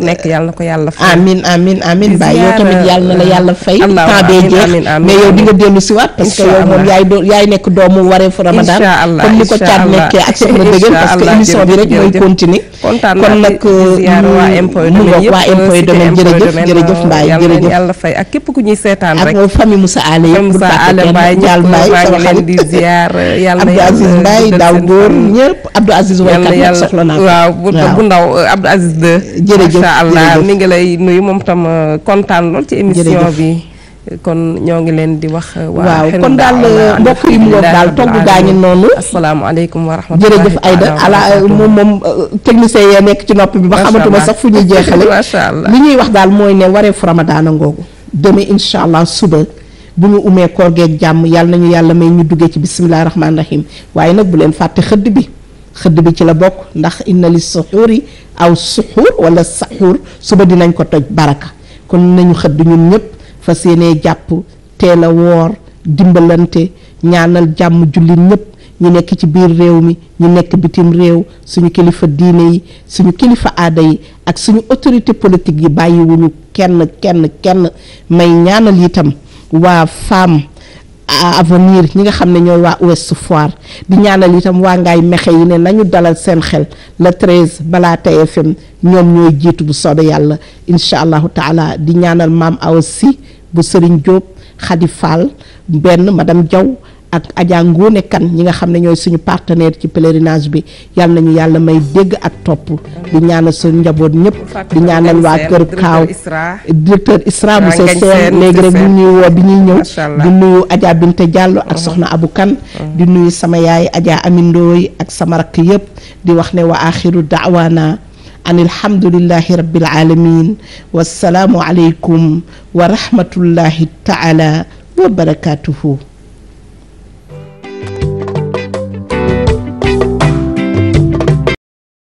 nekk yàlla ko yàlla fay. amiin amiin amiin Baye tamit yàlla na la yàlla fay. temps bee jeex mais yow dellu siwaat parce que yow moom yaay doo yaay nekk doomu wareefu ramadan comme ni ko caat nekkee ak soxna dëgër parce que émission bi rek mooy continuer kon nag euh, mm, mu ngoog waa impôt euh, domaine jërëjëf euh, jërëjëf mbaay jërëjëf yàlla fay ak képp ku ñuy seetaan rek ak famille Moussa Ale yëpp bu fàtte kenn di ziar yàlla Abdou Aziz Mbaay daaw góor ñëpp Abdou Aziz waykat nag soxla naa waaw bu ndaw Abdou Aziz de jërëjëf mi ngi lay nuyu moom kontaan ci émission bi kon ñoo ngi leen di wax. Uh, waaw kon daal uh, mbokk yi mu daal togg gaa ngi noonu. asalaamaaleykum wa rahmatulah jërëjëf Aïda ala uh, moom moom technicien yee nekk ci nopp bi ba xamatuma sax fu ñuy jeexale. macha allah li ñuy wax daal mooy ne wareefu ramadaana ngoogu. demee incha allah suba bu ñu umee koor jàmm yàlla nañu yàlla may ñu duggee ci bisimilah rahmaani rahim waaye nag bu leen fàtte xëdd bi. xëdd bi ci la bokk ndax inna li yi aw suxuur wala saxuur suba dinañ ko toj baraka kon nañu xëdd ñun ñëpp. fas yéene jàpp teel a woor dimbalante ñaanal jàmm jullit ñëpp ñi nekk ci biir réew mi ñi nekk bitim réew suñu kilifa diine yi suñu kilifa aada yi ak suñu autorité politique yi bàyyiwuñu kenn kenn kenn may ñaanal itam waa femme avenir ñi nga xam ne ñooy waa Ouest Foire di ñaanal itam waa ngaay mexe yi ne nañu dalal seen xel le 13 balaa TFM ñoom ñooy jiitu bu soobee yàlla incha allahu taala di ñaanal maam aw bu Serigne Diop Khady Fall benn ma dem Diaw ak Adja Ngone kan ñi nga xam ne ñooy suñu partenaire ci pèlerinage bi yal nañu yàlla may dégg ak topp di ñaanal suñu njaboot ñëpp di ñaanal waa kër Kaaw directeur ISRA monsieur Sène léegi rek ñu ñuy woo bi ñuy ñëw di nuyu Adja Binte Diallo ak soxna Abu Kan di nuyu sama yaay Adja Amindooy ak sama rakk yëpp di wax ne wa axiru daawaana an alhamdulillahi rabbil alamin wassalaamu aleykum wa rahmatullahi taala wa barakatuhu